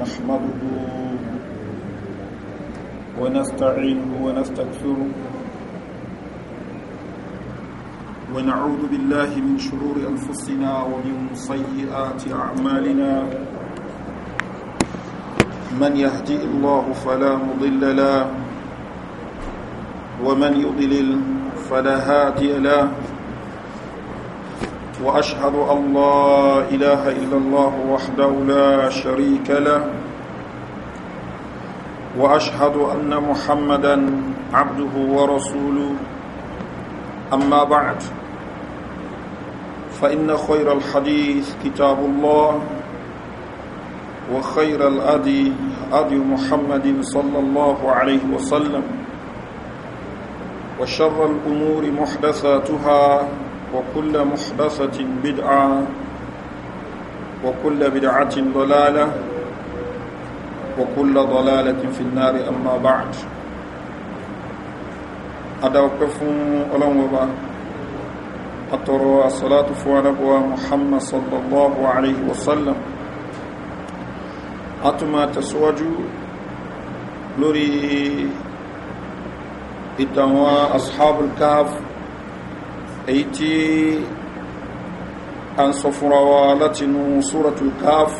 نحمده ونستعينه ونستكثره ونعوذ بالله من شرور أنفسنا ومن سيئات أعمالنا من يهدئ الله فلا مضل له ومن يضلل فلا هادي له وأشهد أن لا إله إلا الله وحده لا شريك له وأشهد أن محمدا عبده ورسوله أما بعد فإن خير الحديث كتاب الله وخير الأدي أدي محمد صلى الله عليه وسلم وشر الأمور محدثاتها وكل محدثة بدعة وكل بدعة ضلالة وكل ضلالة في النار أما بعد أدوقف ألم وبا أترى الصلاة فوانبوى محمد صلى الله عليه وسلم أتما تسوج لري إتوا أصحاب الكهف èyí tí a ń sọ fúnra wa látinú suratul káf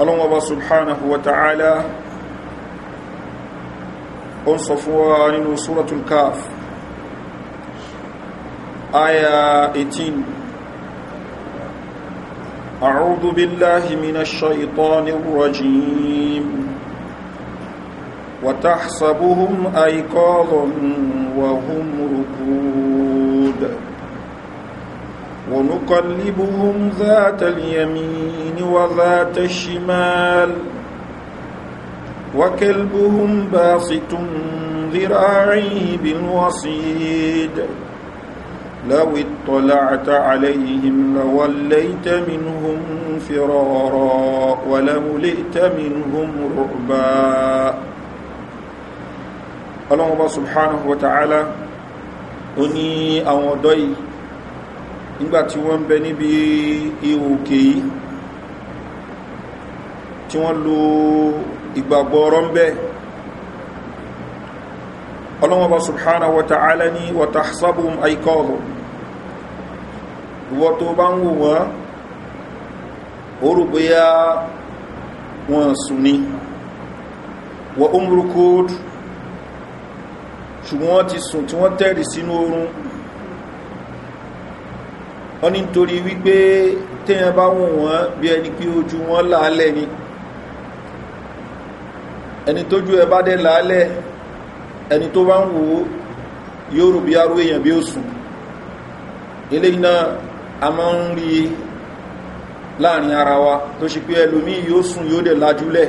ọlọ́wọ́ba subhanahu wa ta'ala ó ń sọ fún nínú suratul káf aya 18 أعوذ بالله من الشيطان الرجيم وتحسبهم أيقاظا وهم ركود ونقلبهم ذات اليمين وذات الشمال وكلبهم باسط ذراعيه بالوصيد لو اطلعت عليهم لوليت منهم فرارا ولملئت منهم رعبا ọlọ́wọ́n bá subhanahu wa ta'ala ó ní àwọn ọ̀dọ́ yìí nígbàtí wọ́n ń bẹ níbi ihò òkè yìí tí wọ́n lo ìgbàgbọ́ ọ̀rọ̀ ń bẹ ọlọ́wọ́n subhanahu wa ta'ala ní wata sábùn aikọ́ọ̀lù wọ́n tó bá ń wò wọ́n ó rò bóyá wọ́n sùn ní wọ́n umrukúdù ṣùgbọ́n wọ́n ti sùn tí wọ́n tẹ́rì sínú oorun wọ́n ní torí wípé téèyàn bá wù wọ́n bí ẹni pé ojú wọn làálẹ̀ ni ẹni tójú ẹ bá dé làálẹ̀ ẹni tó bá ń wò ó yóò rò bí arú èèyàn bí ó sùn eléyìí náà a máa ń rí láàrin ara wa tó ṣe pé ẹlòmíì yóò sùn yóò dẹ̀ lajúlẹ̀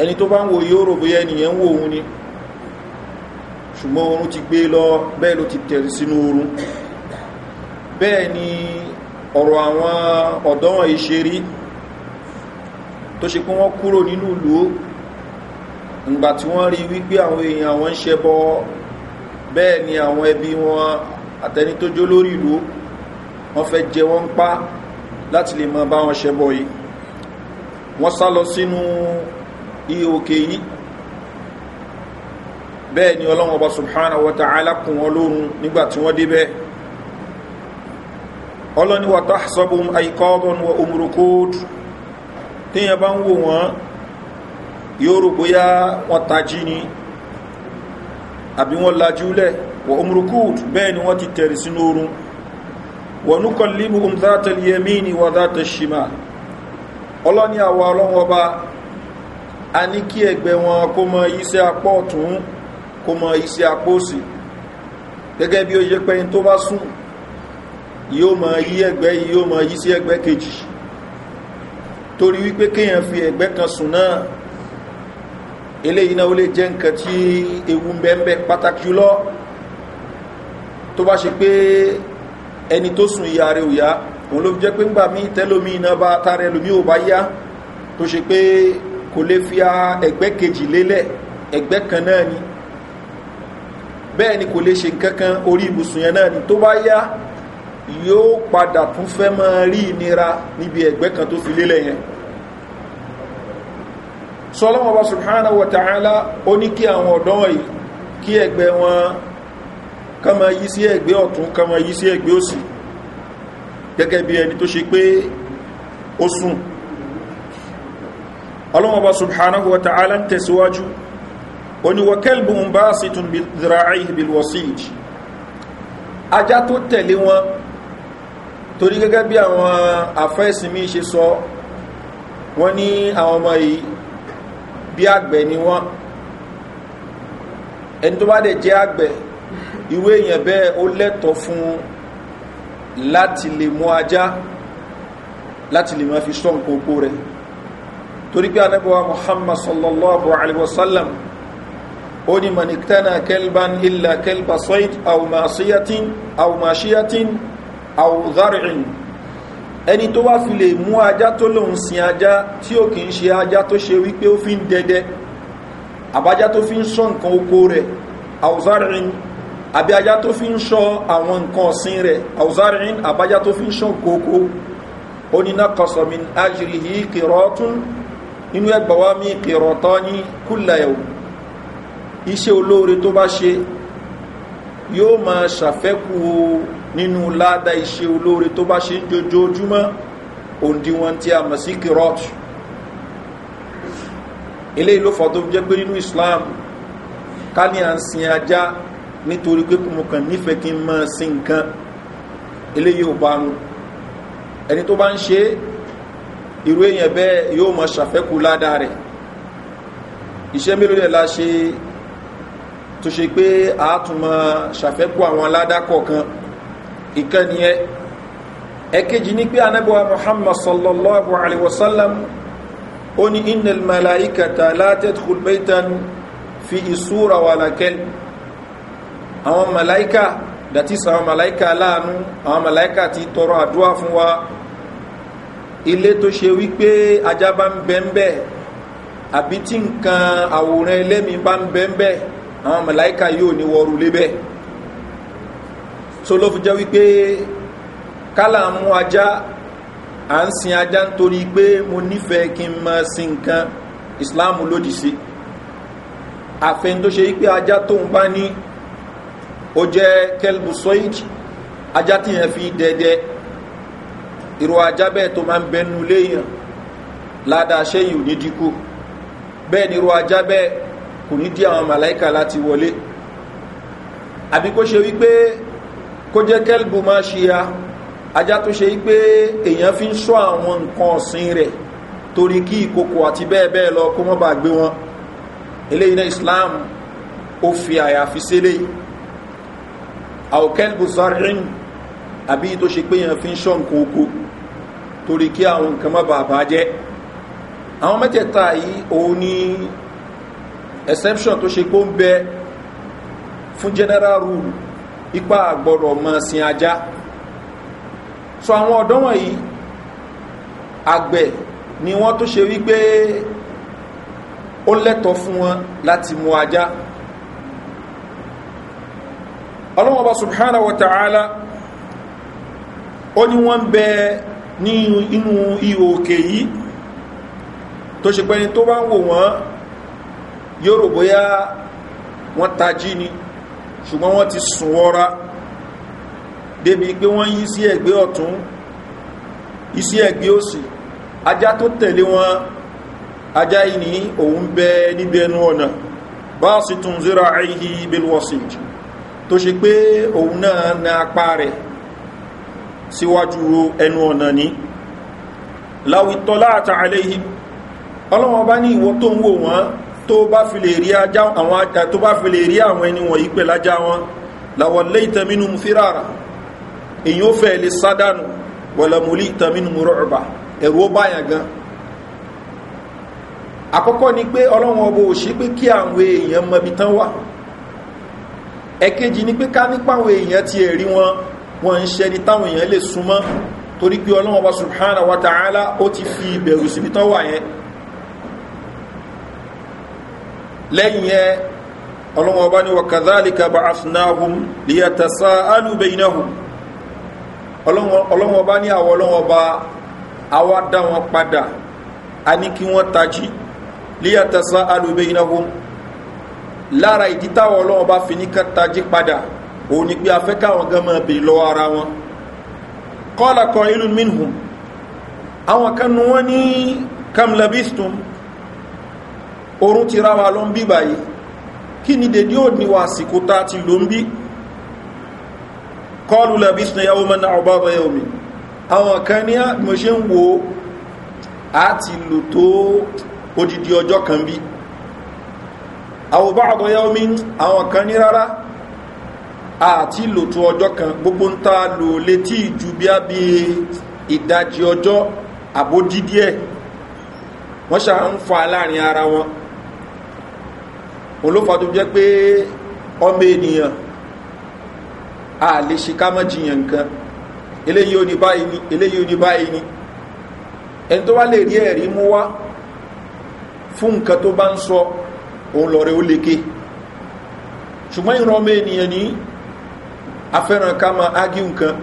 ẹni tó bá ń wò yóò rò bóyá ènìyàn ń wò òun ni. Yo ṣùgbọ́n oorun ti gbé lọ bẹ́ẹ̀ ló ti tẹ̀rì sínú oorun bẹ́ẹ̀ ni ọ̀rọ̀ àwọn ọ̀dọ́ ìṣerí tó ṣe pé wọ́n kúrò nínú ìlú ìgbà tí wọ́n rí wípé àwọn èèyàn àwọn ń ṣẹbọ bẹ́ẹ̀ ni àwọn ẹbí wọn àtẹni tó jó lórí ìlú wọ́n fẹ́ jẹ wọ́n pa láti lè mọ bá wọn ṣẹbọ yìí wọ́n sá lọ sínú ihò òkè yìí bẹ́ẹ̀ ni ọlọ́run ọba subhanahu wa ta'ala kùn nígbà tí wọ́n wa tahsabum aikọ́bọ̀n wa bá ń wò wọ́n yóò rò bóyá wọ́n tají ni àbí wọ́n lajúlẹ̀ wa bẹ́ẹ̀ ni wọ́n ti tẹ̀rì sínú wọ́n um wọn kó mọ iṣẹ́ apóòsì gẹ́gẹ́ bí ó yẹ pé tó bá sùn yóò mọ yí ẹgbẹ́ yóò mọ yí sí ẹgbẹ́ kejì torí wípé kéèyàn fi ẹgbẹ́ kan sùn náà eléyìí náà ó lè jẹ́ nǹkan tí ewu ń bẹ́ẹ̀ pàtàkì jùlọ tó bá ṣe pé ẹni tó sùn ìyá rẹ̀ òyá òun ló jẹ́ pé ń gbà mí tẹ́lómi iná bá tààrẹ ẹlòmí ò bá yá tó ṣe pé kò lè fi ẹgbẹ́ kejì lélẹ̀ ẹgbẹ́ kan náà ni bẹ́ẹ̀ ni kò lè ṣe kankan orí ibùsùn yẹn náà ni tó bá yá yóò padà tún fẹ́ mọ́ rí ìnira níbi ẹ̀gbẹ́ kan tó fi lélẹ̀ yẹn sọlọ́wọ́ bá subhanahu wa ta'ala ó ní kí àwọn ọ̀dọ́ wọ̀nyí kí ẹgbẹ́ wọn kama yí sí ẹgbẹ́ ọ̀tún kama yí sí ẹgbẹ́ òsì gẹ́gẹ́ bí ẹni tó ṣe pé ó sùn ọlọ́wọ́ bá subhanahu wa ta'ala ń tẹ̀síwájú oni wa kalbun basitun bi dhira'ihi bil wasij ajá tó tẹ̀lé wọn torí gẹ́gẹ́ bí àwọn afẹ́sìn mi ṣe sọ wọ́n ní àwọn ọmọ yìí bí àgbẹ̀ ni wọ́n ẹni tó bá dẹ̀ jẹ́ àgbẹ̀ ìwé èèyàn bẹ́ẹ̀ ó lẹ́tọ̀ fún láti lè mú ajá láti lè máa fi sọ nǹkan oko rẹ̀ torí pé anábọ̀wá muhammad sallallahu alaihi wasallam ó ní manikitana kelban illa kelba said aumashiyatin aumashiyatin auzari'in ẹni tó wá fi lè mú ajá tó lòun sin ajá tí ó kìí ṣe ajá tó ṣe wípé ó fi ń dẹdẹ àbájá tó fi ń ṣọ́ nǹkan oko rẹ̀ auzarin àbí ajá tó fi ń ṣọ́ àwọn nǹkan ọ̀sìn rẹ̀ auzarin àbájá tó fi ń ṣọ́ nǹkan oko oníná kọsọ̀mí ajiri yìí kìrọ̀ tún ní kúlẹ̀ ẹ̀wò iṣẹ́ olóore tó bá ṣe yóò máa ṣàfẹ́kù nínú ládá iṣẹ́ olóore tó bá ṣe ń jojoojúmọ́ òǹdíwọ̀n tí a mọ̀ sí kirot ilé ìlófọ́ tó jẹ́ pé nínú islam ká ní à ń sin ajá nítorí pé mo kàn nífẹ̀ẹ́ kí n máa sin nǹkan ilé yóò bá mu ẹni tó bá ń ṣe irú èèyàn bẹ́ẹ̀ yóò mọ̀ ṣàfẹ́kù ládá rẹ̀ iṣẹ́ mélòó rẹ̀ la ṣe tó ṣe pé àátùmọ̀ ṣàfẹ́kù àwọn aládákọ̀ kan ìkànnì ẹ ẹ̀kejì ní pé anábíwá muhammad sallallahu alaihi wasallam ó ní inel malaikata latet hulbaitan fi ìṣúra wà lákẹ́ àwọn malaika dàtí sàwọn malaika láàánú àwọn malaika ti tọrọ àdúrà fún wa ilé tó ṣe wípé ajá bá ń bẹ́ẹ̀ àbí tí nǹkan àwòrán ẹlẹ́mìí bá ń bẹ́ẹ̀ àwọn mẹ̀láíkà yóò ní wọ́rú lébẹ̀ so ló fi jẹ́ wípé kálà mú ajá à ń sin ajá nítorí pé mo nífẹ̀ẹ́ kí n máa sin nǹkan islam lòdì sí àfẹn tó ṣe wípé ajá tóun bá ní ó jẹ́ kelbu soid ajá tí yẹn fi dẹdẹ ìrò ajá bẹ́ẹ̀ tó máa ń bẹnu léèyàn ládàá ṣẹ́yìn ò ní dínkù bẹ́ẹ̀ ni ìrò ajá bẹ́ẹ̀ kò ní dí àwọn màláìka láti wọlé àbí kó ṣe wípé kó jẹ́ kẹ́lbù máa ṣe ya ajá tó ṣe wípé èèyàn fi ń ṣọ́ àwọn nǹkan ọ̀sìn rẹ̀ torí kí ìkòkò àti bẹ́ẹ̀ bẹ́ẹ̀ lọ kó mọ́ gbé wọn eléyìí náà islam ó fi àyàfi sílẹ̀ àwòkẹ́lbù zarin àbí tó ṣe pé èèyàn fi ń ṣọ́ nǹkan oko torí kí àwọn nǹkan mọ́ bàbá àwọn mẹ́tẹ̀ẹ̀ta yìí òun ni exception tó ṣe kó ń bẹ fún general rule ipa àgbọ̀rọ̀ mọ̀ sin ajá so àwọn ọ̀dọ́ wọ̀nyí àgbẹ̀ ni wọ́n tó ṣe wípé ó lẹ́tọ̀ fún wọn láti mú ajá ọlọ́wọ́n bá subhanahu wa ta'ala ó ní wọ́n bẹ ní inú ihò òkè yìí tó ṣe pẹ́ni tó bá ń wò wọ́n yóò rò bóyá wọ́n tají ni ṣùgbọ́n wọ́n ti sùn wọ́ra débi pé wọ́n yí sí ẹ̀gbẹ́ ọ̀tún yí sí ẹ̀gbẹ́ òsì ajá tó tẹ̀lé wọn ajá yìí òun bẹ níbi ẹnu ọ̀nà bá sì tún zíra àìhí belwọ́sìd tó ṣe pé òun náà na apá rẹ̀ síwájú ẹnu ọ̀nà ní láwìtọ́lá àtàlẹ́yìn ọlọ́wọ́n bá ní ìwọ tó ń wò wọ́n tó bá fi lè rí ajá àwọn ajá tó bá fi lè rí àwọn ẹni wọ̀nyí pẹ̀lú ajá wọn làwọn lé ìtẹ̀mínú fírara èyí ó fẹ́ lè sádànù wọ̀lẹ̀mùlí ìtẹ̀mínú rọ̀rọ̀bà ẹ̀rù ó báyàn gan àkọ́kọ́ ni pé ọlọ́run ọbọ̀ òṣì pé kí àwọn èèyàn mọbi tán wà ẹ̀kejì ni pé ká nípa àwọn èèyàn ti ẹ̀rí wọn wọn ń ṣẹni táwọn èèyàn lè súnmọ́ torí pé ọlọ́run ọba subhanahu wa ta'ala ó ti fi ìbẹ̀rù síbi tán wà yẹn lẹ́yìn ẹ ọlọ́wọ́n bá ní wàkàzálìkà bá afinahun liyatasa alubeinahun ọlọ́wọ́n bá ní àwọ̀ ọlọ́wọ́n bá àwọ̀ dá wọn padà a ní kí wọ́n tají liyatasa alubeinahun lára ìdí táwọn ọlọ́wọ́n bá fi ní ká tají padà òun ni pé afẹ́ káwọn gan máa bèèrè ara wọn kọ́lá kan ìlú minhum àwọn kanu wọn ní kamlabistum orun ti ra wa ló ń bí báyìí kí ni dèdí ò ní wa àsìkò tá ti ló ń bí kọlù lẹ́bí sinú yàwó mẹ́ta ọba ọba yẹ omi àwọn kan ní mo ṣe ń wo a ti lò tó odidi ọjọ́ kan bí àwọn bá ọba yẹ omi àwọn kan ní rárá àti lò tó ọjọ́ kan gbogbo ń ta lò létí ìjú bí a bí ìdajì ọjọ́ àbódídíẹ̀ wọ́n ṣà ń fa láàrin ara wọn olófà tó jẹ́ pé ọmọ ènìyàn a lè ṣe ká mọ́ jiyàn nǹkan eléyìí ò báyìí ni eléyìí ò ní báyìí ni ẹni tó wá lè rí ẹ̀rí mú wá fún nǹkan tó bá ń sọ òun lọ́rẹ̀ ó léke ṣùgbọ́n ìran ọmọ ènìyàn ní afẹ́ràn ká ma ágí nǹkan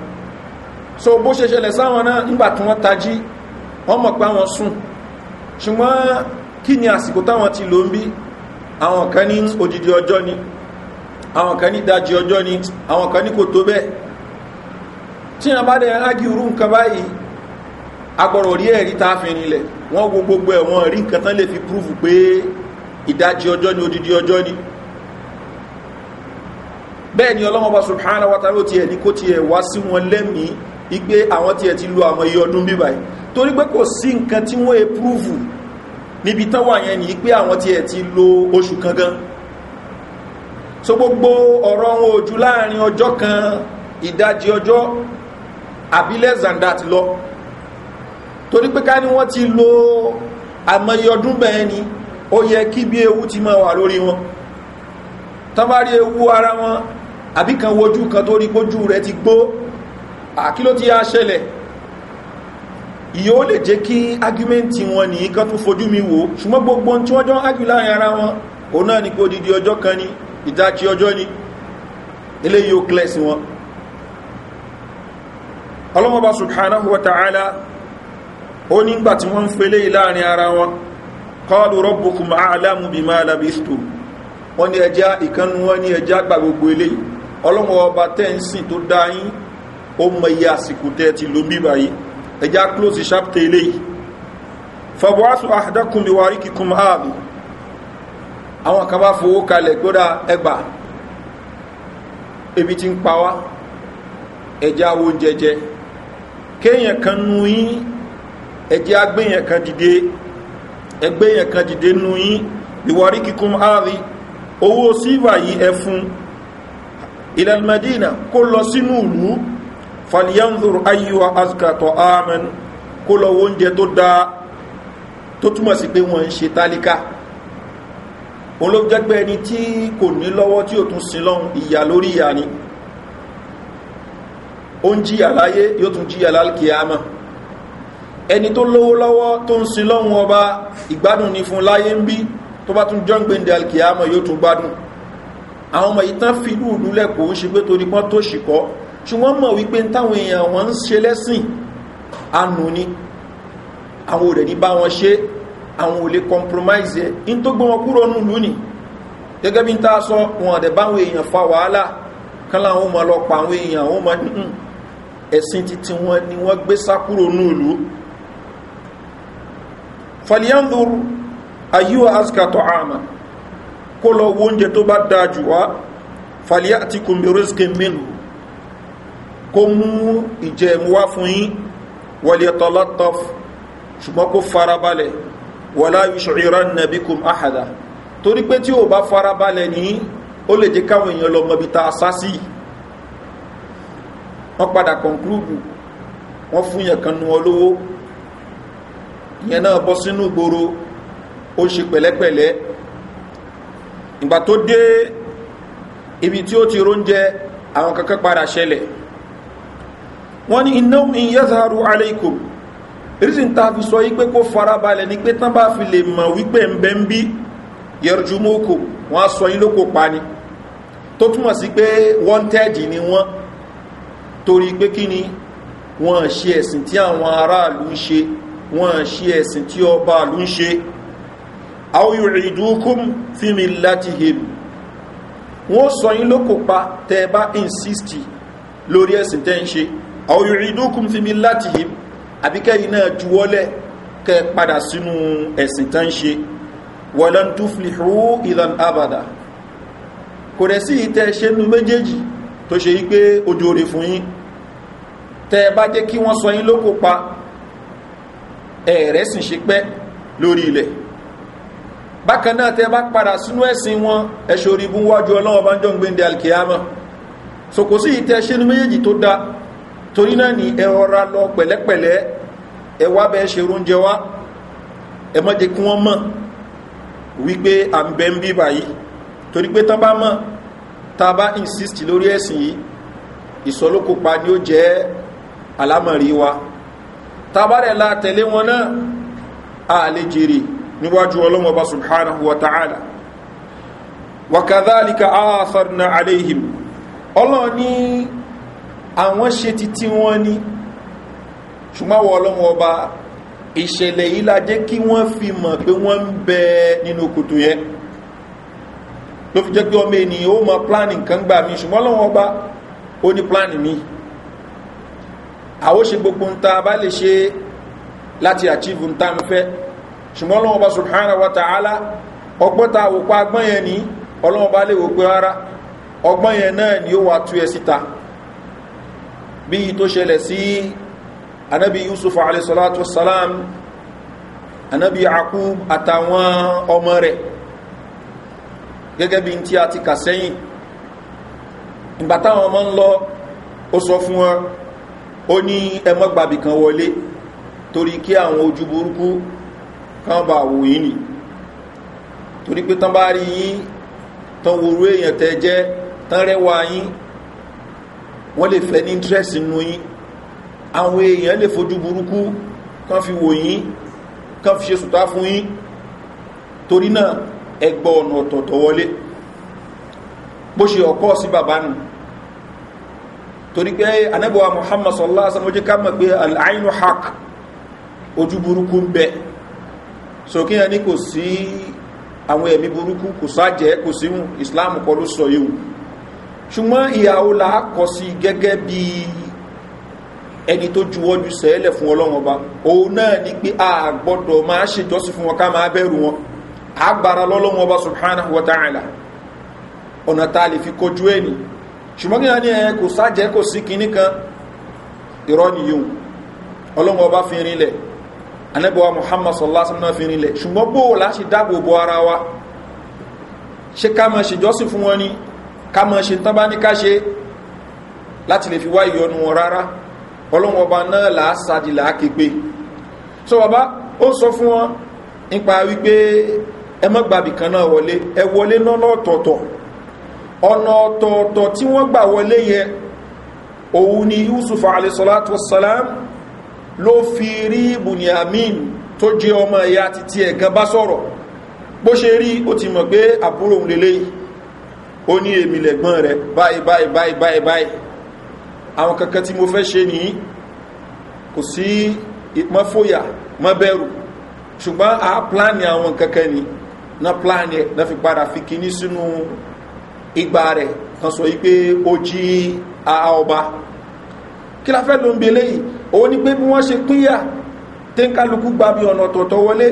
so bó ṣe ṣẹlẹ̀ sáwọn náà nígbà tí wọ́n tají wọ́n mọ̀ pé àwọn sùn ṣùgbọ́n kí ni àsìkò táwọn ti lò ń bí àwọn kan ní odidi ọjọ́ ni àwọn kan ní ìdajì ọjọ́ ni àwọn kan ní kò tó bẹ́ẹ̀ tí wọ́n bá dẹ̀ ági irú nǹkan báyìí agbọ̀rọ̀ rí ẹ̀rí tá a fi rinlẹ̀ wọ́n wo gbogbo ẹ̀ wọ́n rí nǹkan tán lè fi púrúfù pé ìdajì ọjọ́ ni odidi ọjọ́ ni bẹ́ẹ̀ ni ọlọ́mọba subhanahu ti ẹ̀ ní kó ti ẹ̀ wá sí wọn lẹ́mìí níbi tán wà yẹn ní pé àwọn tí ẹ̀ ti lo oṣù kan gan so gbogbo ọ̀rọ̀ wọn ojú láàrin ọjọ́ kan ìdajì ọjọ́ àbí less than that lọ torí pé ká ní wọ́n ti lo àmọye ọdún bẹ́ẹ̀ ni ó yẹ kí bí ewu ti máa wà lórí wọn tán bá rí ewu ara wọn àbí kan wojú kan tó rí pójú rẹ̀ ti gbó àkí ló ti yá ṣẹlẹ̀ ìyẹn ó lè jẹ́ kí ágúmẹ́ntì wọn ní kan tún fojú mi wò ṣùgbọ́n gbogbo tí wọ́n jọ ágú láàrin ara wọn òun náà ni pé odidi ọjọ́ kan ni ìdájí ọjọ́ ni eléyìí ó clear sí wọn ọlọ́mọba subhanahu wa ta'ala ó nígbà tí wọ́n ń fele láàrin ara wọn ní ẹjá close chapter ilé yìí fọ̀bọ̀wásù àdákùnbí wa rí kíkún ààbì àwọn kan bá fowó kalẹ̀ gbọ́dá ẹgbà ebi ti ń pa wá ẹjá wo jẹjẹ kéèyàn kan nu yín ẹjẹ́ agbéyàn kan dìde ẹgbéyàn kan dìde nu yín ìwọ̀rí kíkún ààbì owó sílvà yìí ẹfun ilẹ̀ madina kó lọ sínú ìlú falyanzur ayyuwa azkatọ̀ amen kó lọ oúnjẹ tó dáa tó túmọ̀ sí pé wọ́n ń ṣe tálíkà olóòjẹ́gbẹ́ ẹni tí kò ní lọ́wọ́ tí ò tún sin lọ́hun ìyà lórí ìyà ni ó ń jíyà láyé yóò tún jíyà lálkìyàmọ̀ ẹni tó lówó lọ́wọ́ tó ń sin lọ́hun ọba ìgbádùn ni fún láyé ń bí tó bá tún jọ́ǹgbẹ̀ndì alkìyàmọ̀ yóò tún gbádùn àwọn ọmọ ìtàn fìlú ìdúlẹ̀ kò ń ṣe pé torí pọ́n tó ṣìkọ́ ṣùgbọ́n mọ̀ wípé táwọn èèyàn wọn ń ṣe lẹ́sìn anù ni àwọn òrẹ̀ ní bá wọn ṣe àwọn ò lè compromise ẹ̀ in tó gbọ́n wọn kúrò nù lónìí gẹ́gẹ́ bí n ta sọ wọn àdẹ̀ báwọn èèyàn fa wàhálà kán láwọn ọmọ lọ àwọn èèyàn àwọn ọmọ nìkan ẹ̀sìn títí wọn ni wọ́n gbé sá kúrò nù lù fàlíyàndùrù ayíwá azkatọ̀ àmà kó lọ wo oúnjẹ tó bá dáa jù wá fàlíyà àti kùnbẹ̀rẹ̀ skin mélòó kó mú ìjẹ̀mú wá fún yín wàlẹ̀ tọ́látọ́f ṣùgbọ́n kó farabalẹ̀ wàlá ìṣòríran nàbí kùm àhàdà torí pé tí ò bá farabalẹ̀ ní ó lè jẹ́ káwọn èèyàn lọ mọ̀bí ta sásì wọ́n padà ìgbà tó dé ibi tí ó ti róúnjẹ àwọn kankan padà ṣẹlẹ̀ wọ́n ní iná in yẹ́sàárù aleikum rísìn ta fi sọ wípé kó farabalẹ̀ ní pé tán bá fi lè mọ̀ wípé ẹ̀mbẹ̀ ń bí yẹrùjúmọ́kò wọ́n á sọ ilókò pa ni tó túnmọ̀ sí pé wanted ni wọ́n torí pé kí ni wọ́n ṣe ẹ̀sìn tí àwọn aráàlú ń ṣe wọ́n ṣe ẹ̀sìn tí ọba àlú ń ṣe àwọn ìrìdúkùn fíìmì láti hèlù wọ́n sọ yín lókò pa tẹ́ bá insist lórí ẹ̀sìn tẹ́ ń ṣe àwọn yu'idukum fi millatihim àbíkẹ́ iná juwọ́lẹ̀ kẹ padà sínú ẹ̀sìn tán ṣe walan tuflihu idhan abada kò rẹ̀ sí ìtẹ́ ṣe nú méjèèjì tó ṣe yí pé ojú orí fún yín tẹ́ bá jẹ́ kí wọ́n sọ yín lókò pa ẹ̀rẹ́ sì ṣe pẹ́ lórí ilẹ̀ bákan náà tẹ́ bá padà sínú ẹ̀sìn wọn ẹ̀ṣọ́ orí bú wájú ọlọ́wọ́ bá ń jọ ń alkiyama so ìtẹ́ ṣe nú méjèèjì tó dáa torí náà ni ẹ ọra lọ pẹ̀lẹ́pẹ̀lẹ́ ẹ wá bẹ́ẹ̀ ṣe oúnjẹ wá ẹ mọ́ jẹ́ kí wọ́n mọ̀ wípé à ń bẹ́ ń bí báyìí torí pé tán bá mọ̀ tá bá insist lórí ẹ̀sìn yìí ni ó jẹ́ alámọ̀rí wa tá a bá rẹ̀ la tẹ̀lé wọn náà a lè jèrè níwájú subhanahu wa ta'ala wa ọlọ́ọ̀ ní àwọn ṣe ti tí wọ́n ní ṣùgbọ́n wọ́n ọlọ́wọ́ ọba ìṣẹ̀lẹ̀ yìí la jẹ́ kí wọ́n fi mọ̀ pé wọ́n ń bẹ nínú kòtò yẹn ló fi jẹ́ pé ọmọ ènìyàn ó mọ pláàni nǹkan gbà mí ṣùgbọ́n ọlọ́wọ́ ọba ó ní pláàni mi àwọ́ gbogbo ń ta bá lè ṣe láti àchíìvù ń ta ń fẹ́ ṣùgbọ́n ọlọ́wọ́ ọba subhanahu wa ta'ala ọgbọ́ta àwòpá agbọ́n yẹn ní ọlọ́wọ́ ọba lè wò pé rárá ọgbọ́n yẹn náà ni ó wà tú ẹ síta bí i tó ṣẹlẹ̀ sí anábi yusuf alaihissalatu wassalam anábi akub àtàwọn ọmọ rẹ̀ gẹ́gẹ́ bí tí a ti kà sẹ́yìn ìgbà táwọn ọmọ ń lọ ó sọ fún wọn ó ní ẹmọ́gbàbì kan wọlé torí kí àwọn ojú burúkú kan bá wò yí ni torí pé tán bá rí yí tán wòrú èèyàn tẹ́ jẹ́ tán rẹwà yín wọ́n lè fẹ́ ní interest nínú yín àwọn èèyàn lè fojú burúkú kan fi wò yín kan fi ṣe sùtá fún yín torí náà ẹgbọ́ ọ̀nà ọ̀tọ̀ọ̀tọ̀ wọlé bó ṣe ọkọ́ sí bàbá nù torí pé anábọ̀wà muhammad sallallahu alaihi wasallam ká mọ̀ pé al'ainu haq ojú burúkú ń bẹ sókè yẹn ní kò sí àwọn ẹ̀mí burúkú kò sájẹ́ kò síhun islam kọlu sọ yíhun ṣùgbọ́n ìyàwó làákọ̀ sí gẹ́gẹ́ bí ẹni tó juwọ́jú sẹ́ẹ̀lẹ̀ fún ọlọ́run ọba òun náà ni pé a gbọ́dọ̀ máa ṣèjọ́sí fún wọn ká máa bẹ̀rù wọn agbára lọ́lọ́run ọba subhanahu wa ta'ala ọ̀nà tá a lè fi kojú ẹni ṣùgbọ́n kí ni ẹ kò sájẹ́ kò sí kinní kan irọ́ nìyíun ọlọ́run ọba fi rinlẹ̀ anẹ́bọ̀wá muhammad sallallahu alaihi fi rinlẹ̀ ṣùgbọ́n bóò láti dáàbò bo ara wa ṣe ká máa ṣèjọ́sí fún wọn ni ká mọ̀ ṣe tán bá ní ká ṣe láti lè fi wá ìyọnu wọn rárá ọlọ́run ọba náà làásàdì làákègbè so bàbá ó sọ fún wọn nípa wípé ẹ mọ́ gbàbì kan náà wọlé ẹ wọlé lọ́nà ọ̀tọ̀ọ̀tọ̀ ọ̀nà ọ̀tọ̀ọ̀tọ̀ tí wọ́n gbà wọlé yẹ òun ni yusuf alaihissalatu wassalam ló fi rí bunyamin tó jẹ́ ọmọ ẹ̀yà títí ẹ̀gan bá sọ̀rọ̀ bó ṣe rí ó ti mọ̀ pé àbúrò òun lélẹ́yìí ó ní èmi lẹ̀gbọ́n rẹ̀ báyìí báyìí báyìí báyìí báyìí àwọn kankan tí mo fẹ́ ṣe ní kò sí mọ́ mọ́ bẹ̀rù ṣùgbọ́n a pláàni àwọn kankan ni na pláàni ẹ̀ na fi padà fi kíní sínú igba rẹ̀ kan sọ wípé ó jí a ọba kí la fẹ́ ló ń belé yìí òun ni pé bí wọ́n ṣe pínyà tẹ́ńkálukú gba bí ọ̀nà tọ̀tọ̀ wọlé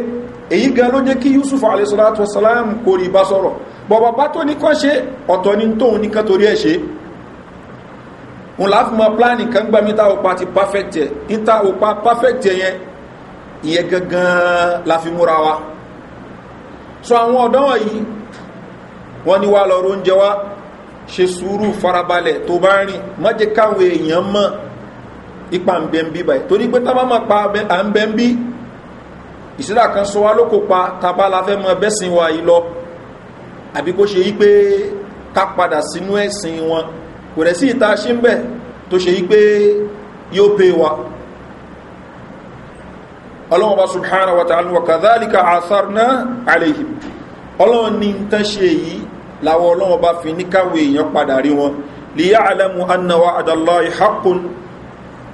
èyí gan ló jẹ́ kí yusuf alayhi salatu wasalam kò rí bá sọ̀rọ̀ bọ̀bàbá tó ní kán ṣe ọ̀tọ̀ ní tóun ní kán torí ẹ̀ ṣe n láàfin mọ pláàni kan gbá mi táwọn pa ti perfect ẹ̀ ní táwọn pa perfect ẹ̀ yẹn ìyẹn gangan la wa so àwọn ọ̀dọ́ wọ̀nyí wọ́n ní wá lọ oúnjẹ wá ṣe sùúrù farabalẹ̀ tó bá rìn mọ́jẹ́ káwọn èèyàn mọ́ ipa ń bẹ́ẹ̀ bí báyìí torí pé tábà máa pa à ń bẹ́ẹ̀ bí ìsìlá kan sọ wá lóko pa tábà la fẹ́ mọ bẹ́sìn wa yìí lọ àbí kó ṣe yí pé ká padà sínú ẹ̀sìn wọn kò rẹ̀ sí ìta ṣe ń bẹ̀ tó ṣe yí pé yóò pè wa ọlọ́wọ́n bá subhanahu wa ta'ala wa kadhalika atharna alayhim ọlọ́wọ́n ní tán ṣe yìí láwọ́ ọlọ́wọ́n bá fi ní káwé èèyàn padà rí wọn liya alamu annawa adallahi haqqun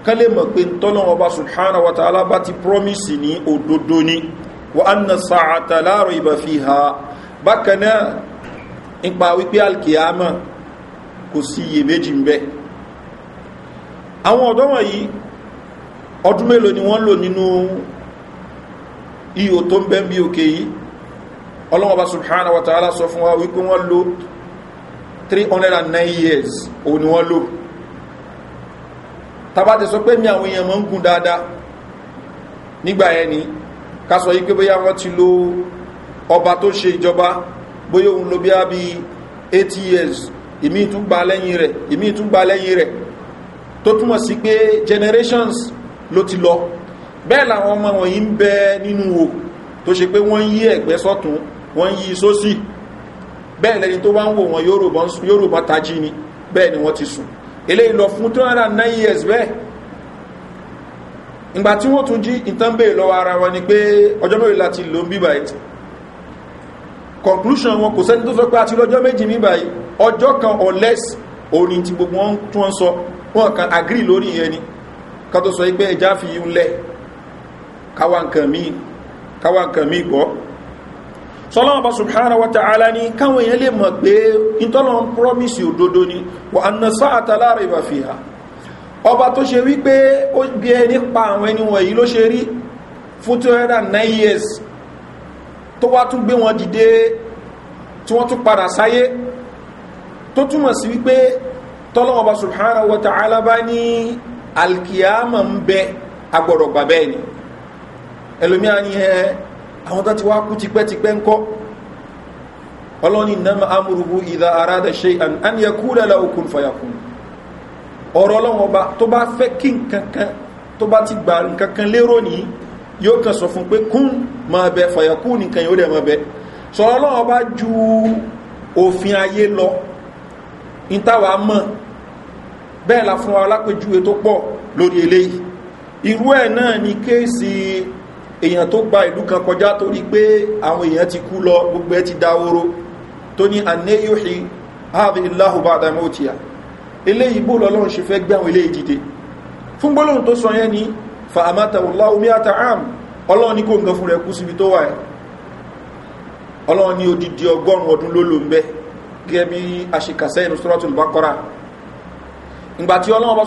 kálé mọ̀ pé tọ́lọ́wọ́n bá subhanahu wa ta'ala bá ti promise ní òdodo ni wa anna sa'ata la bákan náà nípa wípé alkiyama kò sí iye méjì ń bẹ àwọn ọ̀dọ́ wọ̀nyí ọdún mélòó ni wọ́n lò nínú ihò tó ń bẹ́ bí òkè yìí ọlọ́wọ́ba subhanahu wa ta'ala sọ fún wa wípé wọ́n lò 309 years òun ni wọ́n lò tàbátẹ sọ pé mi àwọn èèyàn mọ́ ń gùn dáadáa nígbà ẹni ká sọ yí pé bóyá wọ́n ti lò ọba tó ṣe ìjọba bóyá òun ló bí á bí 80 years ìmí tún gba lẹ́yìn rẹ̀ ìmí tún gba lẹ́yìn rẹ̀ tó túnmọ̀ sí pé generations ló ti lọ bẹ́ẹ̀ làwọn ọmọ wọ̀nyí ń bẹ nínú o tó ṣe pé wọ́n yí ẹ̀gbẹ́ sọ́tún wọ́n yí sósì bẹ́ẹ̀ lẹ́ni tó bá ń wò wọn yorùbá tají ni bẹ́ẹ̀ ni wọ́n ti sùn eléyìí lọ fún 209 years bẹ́ẹ̀ ìgbà tí wọ́n tún jí ìtàn bèè lọ́wọ́ ara wọn ni pé ọjọ́ mẹ́rin láti lò ń bíbà conclusion wọn kò sẹ́ni tó sọ pé àti lọ́jọ́ méjì ní báyìí ọjọ́ kan or less òní tí gbogbo wọn tún wọn sọ wọn kan agree lórí ìyẹn ni ká tó sọ pé ẹja fi yín lẹ̀ káwa nǹkan míì káwa nǹkan míì gbọ́ sọ́lọ́wọ́n bá subhana wa ta'ala ni káwọn èèyàn lè mọ̀ pé ìtọ́lọ́wọ́n promise òdodo ni wà ánà sáàtà láàrẹ̀ ìbà fi hà ọba tó ṣe wípé ó bí e ẹni pa àwọn ẹni wọ̀nyí ló ṣe rí fún 209 years tó wá tún gbé wọn dìde tí wọ́n tún padà sáyé tó túmọ̀ sí wípé tọ́lọ́wọ́ba subhanahu wa ta'ala bá ní alkiyama ń bẹ agbọ̀rọ̀ bẹ́ẹ̀ ni ẹlòmí àní ẹ àwọn tó ti wá kú tipẹ́tipẹ́ ń kọ́ ọlọ́ni nàmà amúrùbú ìdá aráda ṣe an yẹ kú lẹ́la okùn fàyàkùn ọ̀rọ̀ ọlọ́wọ́ba tó bá fẹ́ kí nkankan tó bá ti gbà nkankan lérò nìyí yóò kàn sọ fún pé kún ma bẹ fàyàkú nìkan yóò dẹ̀ ma bẹ sọ ọlọ́wọ́ bá ju òfin ayé lọ ìtawà mọ̀ bẹ́ẹ̀ la fún wa alápèjúwe tó pọ̀ lórí eléyìí irú ẹ̀ náà ni kéèsì èèyàn tó gba ìlú kan kọjá torí pé àwọn èèyàn ti kú lọ gbogbo ẹ ti dáwóró tó ní anéyòhì ààbì ìláhùbá eléyìí bó lọ́lọ́run ṣe fẹ́ gbé àwọn eléyìí dìde fún gbólóhùn tó sọ yẹn ni fa amata allah omi am ọlọ́run ní kó nǹkan fún rẹ̀ kú síbi tó wà ẹ̀ ọlọ́run ní odidi ọgọ́rùn ọdún ló lò ń bẹ́ gẹ́gẹ́ bí aṣekàṣẹ́ inú sọ́rọ̀tún bá kọ́ra ìgbà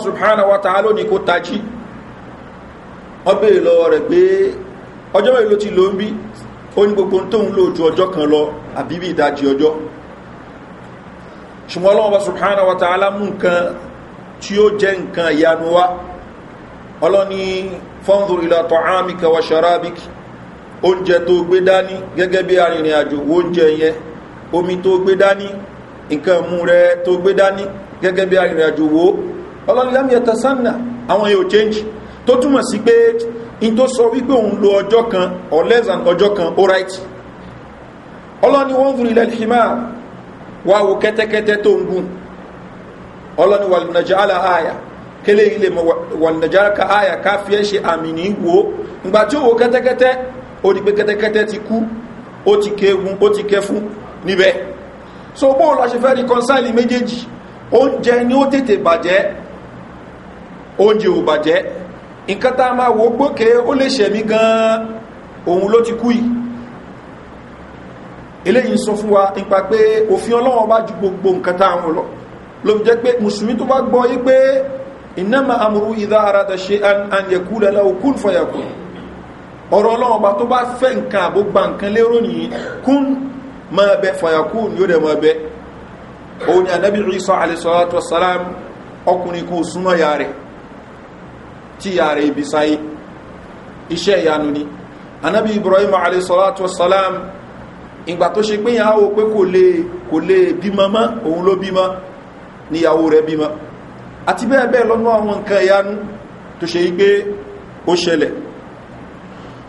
subhanahu wa ta'ala ti lo gbogbo ọlọ́ni fọ́nzù ilá tọ́hámìkà wa ṣarábìkì oúnjẹ tó gbé dání gẹ́gẹ́ bí arìnrìn àjò oúnjẹ yẹn omi tó gbé dání nǹkan mú rẹ tó gbé dání gẹ́gẹ́ bí arìnrìn àjò wo ọlọ́ni lámìyàtà sánà àwọn yóò change tó túmọ̀ sí pé in tó sọ wípé òun lo ọjọ́ kan or less than ọjọ́ kan all ọlọ́ni wọ́n ilẹ̀ ìhìmá wà wò kẹ́tẹ́kẹ́tẹ́ tó ń gùn ọlọ́ni wà lùnàjà àlà àyà kélé ilé mọ̀ wọ̀nà járaka àyà ká fi ẹ́ ṣe àmì ní wo ìgbà tí ó wo kẹ́tẹ́kẹ́tẹ́ ó di pé kẹ́tẹ́kẹ́tẹ́ ti kú ó ti kéegun ó ti kẹ́ níbẹ̀ so bóun la ṣe fẹ́ rí kọ́nsáìlì méjèèjì oúnjẹ ni ó tètè bàjẹ́ oúnjẹ ò bàjẹ́ nǹkan tá a máa wo gbókè ó lè ṣẹ̀mí gan-an òun ló ti kú yìí eléyìí sọ fún wa nípa pé òfin ọlọ́wọ́n bá ju gbogbo nǹkan tá a wọn lọ lóbi jẹ́ pé mùsùlùmí tó bá gbọ́ yí pé ìnáma amúrú ìdá ara da ṣe àyẹ̀kúlẹ̀ láwọ kún fọyàkùn ọ̀rọ̀ ọlọ́run ọba tó bá fẹ́ nǹkan àbó gba nǹkan lérò nìyí kún máa bẹ fọyàkùn yóò dẹ̀ máa bẹ òun ni anabi isa alayhisalatu wasalam ọkùnrin kan súnmọ́ ya rẹ̀ tí ya rẹ̀ ibi sáyé iṣẹ́ ìyanu ni anabi ibrahim alayhisalatu wasalam ìgbà tó ṣe pé yàwó pé kò lè bímọ mọ́ òun ló bímọ níyàwó rẹ̀ bímọ àti bẹ́ẹ̀ bẹ́ẹ̀ lọ́nà àwọn nǹkan ìyanu tó ṣe wípé ó ṣẹlẹ̀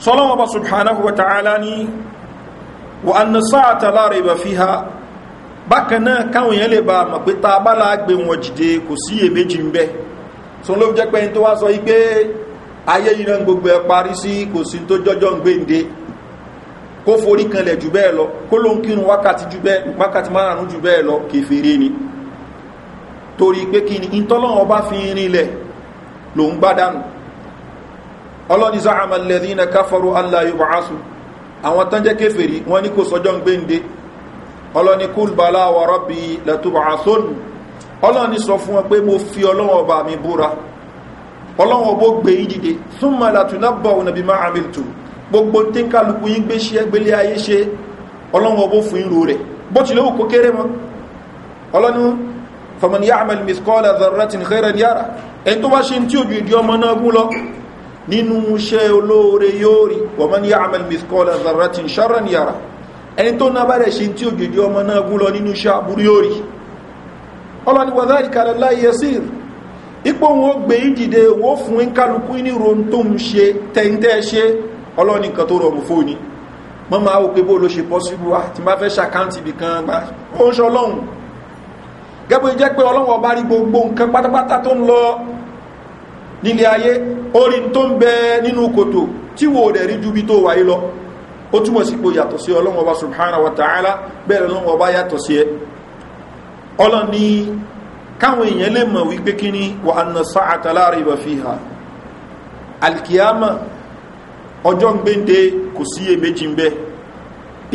sọ́lọ́wọ́ bá subhanahu wa ta'ala ní wa anna sa'ata la rayba fiha bákan náà káwọn èèyàn lè ba mọ̀ pé ta bá láàgbé wọn jìde kò sí èméjì ń bẹ́ sọ jẹ́ pé tó sọ wípé ayé ìran gbogbo ẹ parí sí kò sí tó ń kó forí jù bẹ́ẹ̀ lọ kó ló ń kírun wákàtí jù bẹ́ẹ̀ torí pé kí ni ìtọ́lọ́wọ́ bá fi rinlẹ̀ ló ń gbádànù ọlọ́ni záàmà lẹ́dínà káfàrú aláyọ̀bàásù àwọn tán jẹ́ kéfèrí wọ́n ní kò sọjọ́ ń gbéǹde ọlọ́ni kúlbàlá wọ̀rọ̀ bí lẹ́tùbàásónù ọlọ́ni sọ fún wọn pé mo fi ọlọ́wọ́ bá mi búra ọlọ́wọ́ bó gbé yí dìde súnmọ́ látúnábọ̀ nàbí má àmìlìtù gbogbo tí kálukú yí gbé ṣe gbélé ìrò rẹ̀ bó tilẹ̀ òkú kéré mọ́ ọlọ́ni fọmọ̀n yá àmàlì mìskọ́lá zarratin khairan yára ẹni tó bá ṣe tí ò jùdí ọmọ náà gún lọ nínú iṣẹ́ olóore yóò rí wọ́n yá àmàlì mìskọ́lá zarratin sharon yára ẹni tó náà bá ṣe tí ò jùdí ọmọ náà gún lọ nínú iṣẹ́ àbúrú yóò rí ọlọ́ni wàzáàrí kalẹ̀ láyé sír ipò wọn ó gbé ìdìde wo fún kálukú ní ron tó ń ṣe tẹ́ntẹ́ ṣe ọlọ́ni kan tó rọrùn fóònì mọ́ máa wò pé bó ló ṣe pọ́sibú àti má fẹ́ ṣàkáǹtì ibì kan gbà ó gẹ́gbẹ́ jẹ́ pé ọlọ́wọ́ bá rí gbogbo nǹkan pátápátá tó ń lọ nílé ayé orí tó ń bẹ nínú kòtò tí wò rẹ̀ rí ju bí tó wáyé lọ ó túmọ̀ sí pé yàtọ̀ sí ọlọ́wọ́ bá subhana wa ta'ala bẹ́ẹ̀rẹ̀ ọlọ́wọ́ bá yàtọ̀ sí ẹ ọlọ́ni káwọn èèyàn lè ọjọ́ gbéǹde kò síyè méjì ń bẹ́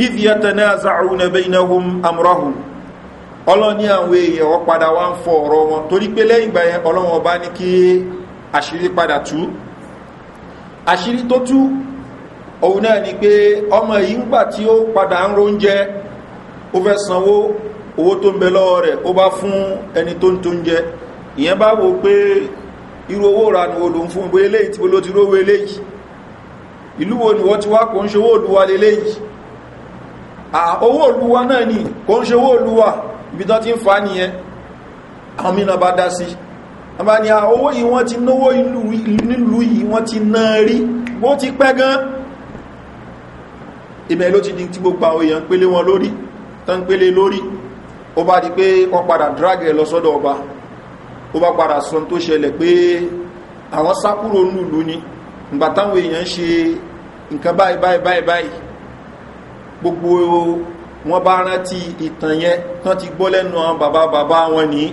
ìdíyàtà náà zàrùn ẹ̀bẹ̀ ìnáhùn amúráhùn ọlọ́ni àwọn èèyàn wọ́n padà wá ń fọ ọ̀rọ̀ wọn torí pé lẹ́yìn ìgbà yẹn ọlọ́wọ́n bá ní kí àṣírí padà tú àṣírí tó tú òun náà ni pé ọmọ yìí ń gbà tí ó padà ń róúnjẹ ó fẹ́ sanwó owó tó ń bẹ lọ́wọ́ rẹ̀ ó bá fún ẹni tó ń tó ìyẹn bá wo pé irú owó ra ni wo ló ń fún ìbò eléyìí tí ló ti rówó eléyìí ìlú wo ni wọ́n ti wá kò ń ṣe owó olúwa lélẹ́yìí owó olúwa náà ni kò ń ṣe owó olúwa ibi tán ti ń fa nìyẹn àwọn mìíràn bá dá sí àbá ni owó yìí wọ́n ti náwó nílùú yìí wọ́n ti náà rí bó ti pẹ́ gan ibẹ̀ ló ti di tí gbogbo àwọn èèyàn pélé wọn lórí tán pélé lórí ó bá di pé wọ́n padà drag ẹ̀ lọ sọ́dọ̀ ọba ó bá padà sọ tó ṣẹlẹ̀ pé àwọn sákúrò nílùú ni ìgbà táwọn èèyàn ṣe nǹkan báyìí báyìí báyìí gbogbo wọ́n bá rántí ìtàn yẹn tán ti gbọ́ lẹ́nu àwọn bàbá bàbá wọn ní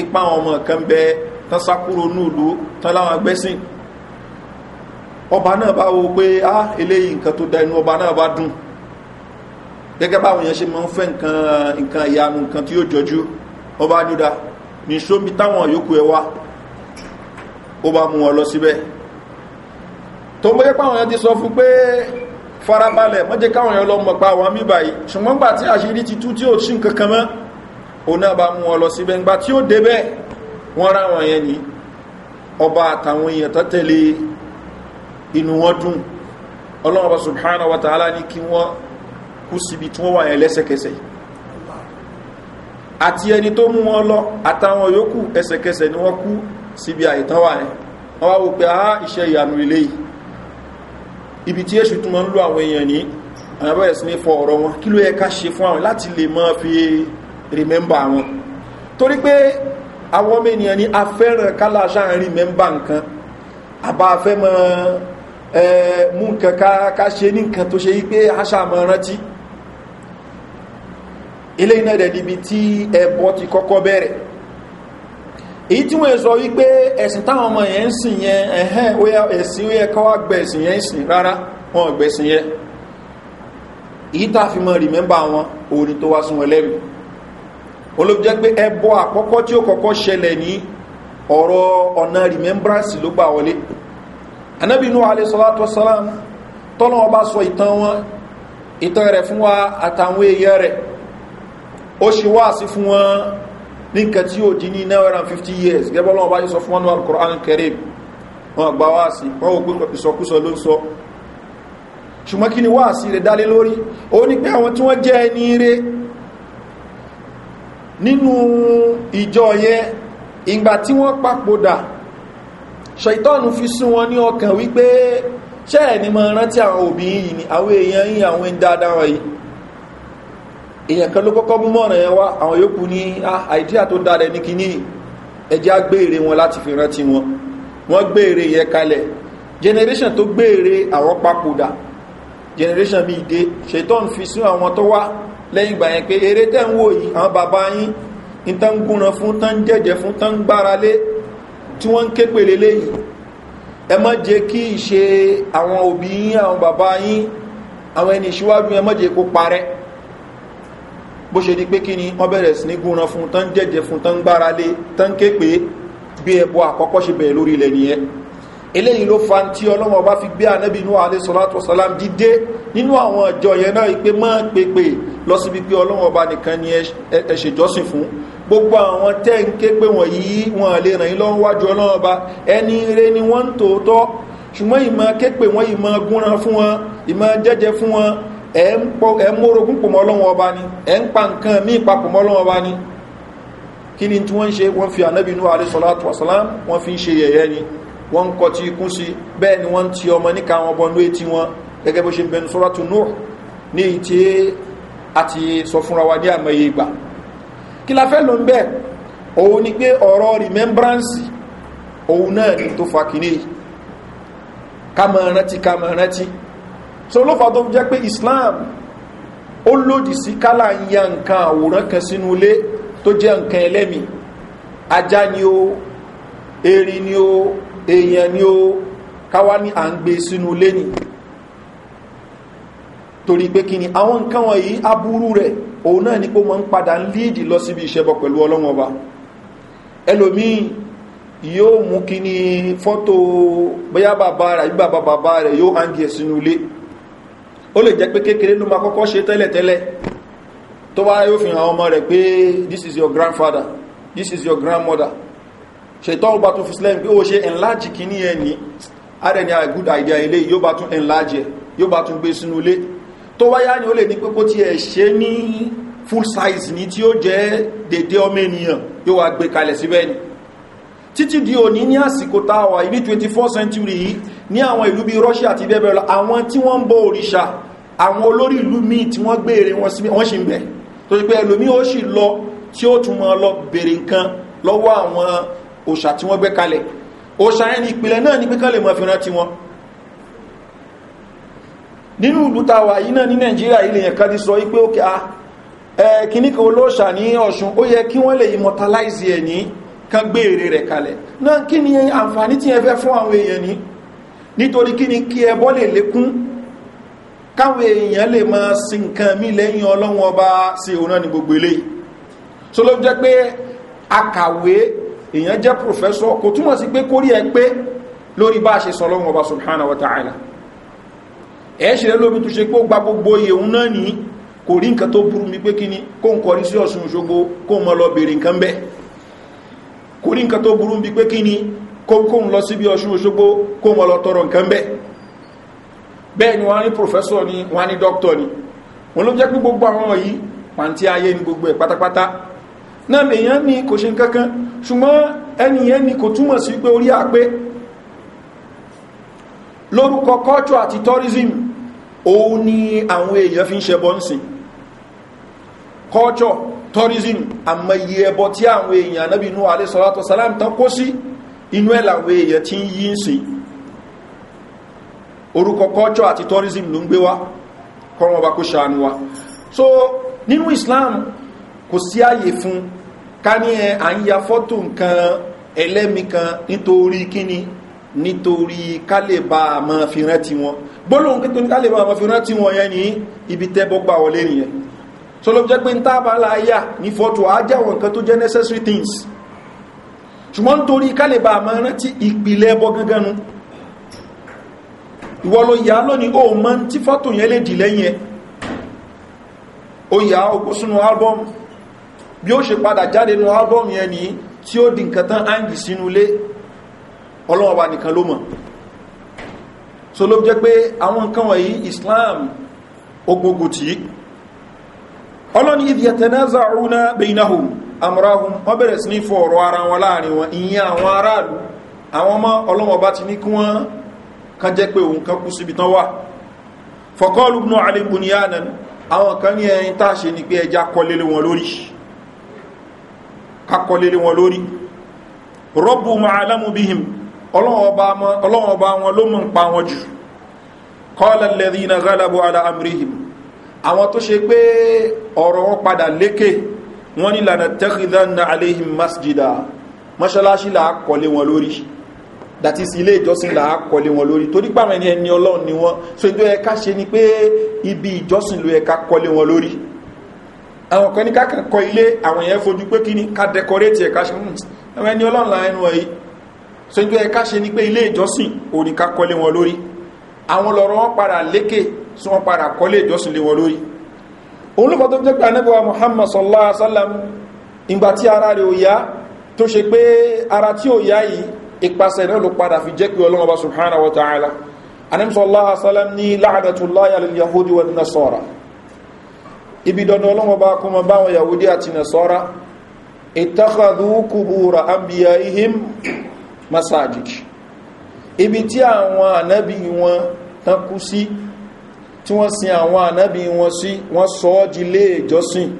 ipa àwọn ọmọ kan bẹ tán sákúrò núùlú tán láwọn agbẹ́sìn ọba náà bá wo pé á eléyìí nǹkan tó da inú ọba náà bá dùn gẹ́gẹ́ báwọn yẹn ṣe máa ń fẹ́ nǹkan nǹkan ìyanu nǹkan tí yóò jọjú ọba nídà ní táwọn yòókù ẹ wá ó bá mú wọn lọ síbẹ̀ tó mọ́ yẹ́ pàwọn yẹn ti sọ fún pé farabalẹ̀ mọ́jẹ́ káwọn èèyàn lọ mọ̀ pa àwọn mí báyìí ṣùgbọ́n gbà tí àṣírí ti tú tí ó ṣí nkankan mọ́ òun náà bá mú wọn lọ síbẹ̀ ngbà tí ó débẹ̀ wọ́n rá wọn yẹn ni ọba àtàwọn èèyàn tó tẹ̀lé inú wọn dùn ọlọ́run bá wa ta'ala ní kí wọ́n kú síbi tí wọ́n wà yẹn lẹ́sẹkẹsẹ àti ẹni tó mú wọn lọ àtàwọn yòókù ẹsẹkẹsẹ ni wọ́n kú síbi àìtàn yẹn wọ́n wá wò pé ah iṣẹ́ ìyanu eléyìí ibi tí èṣù tún mọ́ ń lò àwọn èèyàn ní àbẹ̀rẹ̀ sí ní fọ ọ̀rọ̀ wọn kí ló yẹ ká ṣe fún àwọn láti lè mọ́ fi rìmẹ́mbà wọn torí pé àwọn ọmọ ènìyàn ni a fẹ́ràn kálàṣà ń rìmẹ́mbà nǹkan àbá fẹ́ mọ́ mú nǹkan ká ṣe ní nǹkan tó ṣe wípé aṣà mọ́ rántí ilé iná dẹ̀ níbi tí ẹ̀bọ ti kọ́kọ́ bẹ̀rẹ̀ èyí tí wọ́n sọ wípé ẹ̀sìn táwọn ọmọ yẹn ń sìn yẹn ẹ̀hẹ́n ẹ̀sìn ó yẹ káwà gbẹ̀ẹ̀sìn yẹn sìn rárá wọn gbẹ̀ẹ̀sìn yẹn èyí tá fi mọ́ rìmẹ́mbà wọn orin tó wá súnmọ́ lẹ́rù olóbi jẹ́ pé ẹbọ àkọ́kọ́ tí ó kọ́kọ́ ṣẹlẹ̀ ní ọ̀rọ̀ ọ̀nà rìmẹ́mbransi ló gbà wọlé anábìnú alẹ́sọ́látọ́sọ́lám ní nǹkan tí ó 950 years gẹ́gẹ́ lọ́wọ́ bá yí sọ fún wọn wọn kọ̀rán kẹrìm wọn gbà wá sí wọn ò pín ìsọkúsọ ló ń sọ ṣùgbọ́n kí ni wá sí rẹ̀ dálé lórí ó ní pé àwọn tí wọ́n jẹ́ ẹni rẹ̀ nínú ìjọ yẹn ìgbà tí wọ́n papòdà ṣaitọ́nù fi sún wọn ní ọkàn wípé ṣẹ́ẹ̀ ni mọ̀ rántí àwọn òbí yìí ni àwọn èèyàn yìí àwọn ẹni wọ̀nyìí èèyàn kan ló kọ́kọ́ mú mọ́ràn yẹn wá àwọn yòókù ní àìdíà ah, tó dára ní kíní ẹjẹ́ gbére wọn láti fi rántí wọn wọ́n gbére yẹn kalẹ̀ generation tó gbére àwọn papòdà generation mi dé ṣetán fi sún àwọn tó wá lẹ́yìn ìgbà yẹn pé eré tẹ́ ń wò yìí àwọn bàbá yín ní tán gúnran fún tán jẹ́jẹ́ fún tán gbára lé tí wọ́n ń ké pèlè léyìí ẹ mọ́ jẹ́ kí ìṣe àwọn òbí yín àwọn bàbá yín àwọn ẹni ìṣíwájú ẹ mọ́ jẹ́ kó parẹ́ bó ṣe di pé kí ni wọ́n bẹ̀rẹ̀ sí ní gúnran fún tán jẹ́jẹ́ fún tán gbára lé tán ké pé bí ẹbọ àkọ́kọ́ ṣe bẹ̀rẹ̀ lórí ilẹ̀ nìyẹn eléyìí ló fa tí ọlọ́wọ́ bá fi gbé ànẹ́bì inú alẹ́ sọ́látọ̀ sálám dídé nínú àwọn ọjọ́ yẹn náà pé mọ́ pépè lọ síbi pé ọlọ́wọ́ bá nìkan ni ẹ ṣèjọ́sìn fún gbogbo àwọn tẹ́ ń ké pé wọ̀nyí wọn lè ràn yín lọ́wọ́ wájú ọlọ́wọ́ bá ẹni rẹ ni wọ́n ń tòótọ́ ṣùgbọ́n ìmọ̀ ké pé wọ́n ìmọ̀ gúnran fún wọn ìmọ̀ jẹ́jẹ́ fún wọn ẹ̀ ń mórogún pò mọ́ ọlọ́wọ́n ọba ni ẹ̀ ń pa nǹkan míì papọ̀ mọ́ ọlọ́wọ́n ọba ni kí ni tí wọ́n ń ṣe wọ́n fi ànábì inú àrísọ́látù àsálám wọ́n fi ń ṣe yẹ̀yẹ́ ni wọ́n ń kọ́ ti kún sí bẹ́ẹ̀ ni wọ́n ti ọmọ níka wọn bọ́ ní etí wọn gẹ́gẹ́ bó ṣe bẹnu sọ́ràtù nù ní ìtí àti sọ fúnra wa ní àmọye ìgbà kí la fẹ́ ló ń bẹ́ẹ̀ òun ni pé ọ̀rọ̀ remembrance òun náà ni tó fa kìíní ká rántí ká rántí so ló fà tó jẹ́ pé islam ó lòdì sí kálà ń ya nǹkan àwòrán kan sínú ilé tó jẹ́ nǹkan ẹlẹ́mì ajá ni ó erin ni ó èèyàn ni ó káwá ní à ń gbé sínú ilé ni torí pé kí ni àwọn nǹkan wọ̀nyí aburú rẹ̀ òun náà ni pé wọ́n ń padà ń líìdì lọ síbi ìṣẹ́bọ̀ pẹ̀lú ọlọ́wọ́n ọba ẹlòmíì yóò mú kí ni fọ́tò bóyá bàbá rẹ̀ yóò hàn díẹ̀ sínú ilé ó lè jẹ́ pé kékeré ló máa kọ́kọ́ ṣe tẹ́lẹ̀tẹ́lẹ̀ tó wá yóò fi hàn ọmọ rẹ̀ pé this is your grandfather this is your grandmother ṣètọ́ ọba tó fi sílẹ̀ pé ó ṣe enlarge kìíní ẹ̀ ní ààrẹ ni a good idea ilé yóò bá tún enlarge yóò bá tún gbé sínú ilé tó wáyá ni ó lè ní pé kó ti ẹ̀ ṣe ní full size ni tí ó jẹ́ dédé ọmọ ènìyàn yóò wá gbé kalẹ̀ síbẹ̀ ni títí di òní ní àsìkò táwà ní 24th century yìí ní àwọn ìlú bí russia àti bẹ́ẹ̀bẹ̀rẹ̀ àwọn tí wọ́n ń bọ òrìṣà àwọn olórí ìlú míì tí wọ́n gbére wọn sí wọ́n sì ń bẹ̀ tó ti pé ẹlòmíì ó sì lọ tí ó tún mọ́ lọ bèrè nǹkan lọ́wọ́ àwọn òṣà tí wọ́n gbé kalẹ̀ òṣà yẹn ni ìpìlẹ̀ náà ní pé kán lè mọ́ fi rántí wọn nínú ìlú tàwà yìí náà ní nàìjíríà ilẹ̀ yẹn kan ti sọ wípé òkè a ah, olóòṣà ní ọ̀ṣun ó yẹ kí wọ́n lè immortalize ẹ̀ ní kan gbé rẹ̀ kalẹ̀ náà kí ni àǹfààní tí ẹ fẹ́ fún àwọn èèyàn ní nítorí kí ni kí ẹbọ́ lè lékún káwọn èèyàn lè máa sin nǹkan mí lẹ́yìn ọlọ́run ọba sí òun náà ní gbogbo eléyìí so ló jẹ́ pé akàwé èèyàn jẹ́ pòfẹ́sọ̀ kò túmọ̀ sí pé kórí ẹ pé lórí bá ṣe sọ ọlọ́run ọba subhanahu wa ta'ala ẹ̀ ṣe lómi tó ṣe pé ó gba gbogbo iye òun náà ní kò rí nǹkan tó burú mi pé kí ni kó ń kọrí sí ọ̀sùn ṣogbo kó mọ́ lọ bèèrè nǹkan bẹ́ kò rí nǹkan tó burú mi pé kí ni kó ń lọ síbi ọ̀sùn ṣogbo kó mọ́ lọ tọrọ nǹkan bẹ́ẹ̀ bẹ́ẹ̀ ni wọ́n ní professor ni wọ́n ní doctor ni wọ́n ló jẹ́ pé gbogbo àwọn yìí pàǹtí ayé ni gbogbo ẹ̀ pátápátá náà lèyàn ní kò ṣe kankan ṣùgbọ́n ẹni yẹn ni kò túmọ̀ sí pé orí àpé lórúkọ culture àti tourism òun ni àwọn èèyàn fi ń ṣẹbọ ń sìn culture tourism àmọ́ ẹbọ tí àwọn èèyàn anábìnú alẹ́sọ̀látọ̀ sálám kó sí inú ẹ̀ èèyàn ti ń yí ń orúkọ culture àti tourism ló ń gbé wá kọ́rọ̀ ọba kó ṣàánú wa so nínú islam kò sí ààyè fún ká ní ẹ à ń ya fọ́tò nǹkan ẹlẹ́mi kan nítorí kíni nítorí kálẹ̀bá àmọ́ fi rántí wọn gbólóhùn kí tó ní kálẹ̀bá àmọ́ fi rántí wọn yẹn ní ibi tẹ́bọ́ wọlé nìyẹn so ló jẹ́ pé ń tábà láyà ní fọ́tò àjáwọn nǹkan tó jẹ́ necessary things ṣùgbọ́n nítorí kálẹ̀bá àmọ́ rántí ìpìlẹ̀ ẹbọ gangan nu ìwọ ló yà lónìí o mọ́ tí fọ́tò yẹn lè dì lẹ́yìn o yà ogbó sínú albọ́m bí ó ṣe padà jáde nú albọ́m yẹn ní tí ó di nǹkan tán áǹgì sínú ilé ọlọ́wọ́ nìkan ló so ló jẹ́ pé àwọn nǹkan islam ogbogbo tí àwọn ọmọ ọlọ́wọ́ bá ti kan jẹ́ pé òun kan kú síbi tán wà fọ̀kọ́lù náà alìbùnìyànà àwọn kan ní ẹyin tá a ṣe ni pé ẹja kọlélé wọn lórí kakọlélé wọn lórí rọ́bù ma'alamubihim ọlọ́wọ́n ọba wọn ló mọ̀ pa wọn jù kọ́lá lẹ́dí iná gálàbọ̀ ala amrihim àwọn tó ṣe pé ọ̀rọ̀ wọn padà lékè wọ́n ní lànà tẹ́kìdá na aléhìm masjida mọ́ṣáláṣí là á kọlé wọn lórí that is ilé ìjọsìn là á kọ́lé wọn lórí torí pàmò ẹni ẹni ọlọ́run ni wọ́n so ìjọ ṣe ni pé ibi ìjọsìn ló ẹ̀ka kọ́lé wọn lórí àwọn kan ní ká kàn kọ ilé àwọn yẹn fojú pé kí ni ká dẹkọrétì ẹ̀ka ṣe àwọn ẹni ọlọ́run là ẹnu ẹ̀yí so ìjọ ẹ̀ka ṣe ni pé ilé ìjọsìn ò ní ká kọ́lé wọn lórí àwọn lọ́rọ̀ wọn padà lékè sí wọn padà kọ́lé ìjọsìn lé wọn lórí òun ló fọ́ tó muhammad sallallahu alaihi wa sallam ìgbà tí ara rẹ̀ ò yá tó ṣe pé ara tí ò yá yìí ìpasẹ̀ náà ló padà fi jẹ́ pé ọlọ́mọba subhanahu wa ta'ala anamsọ́láha salam ní láàdàtúláyà yahudi wa nasọ́ra ibi dandan ọlọ́mọba kuma báwọn yahudi àti nasọ́ra ìtàkàdù kúbúra àbíyà ihim masajid ibi tí àwọn ànábì wọn tán kú sí tí wọ́n sin àwọn ànábì wọn sí wọ́n sọ ọ́ ìjọsìn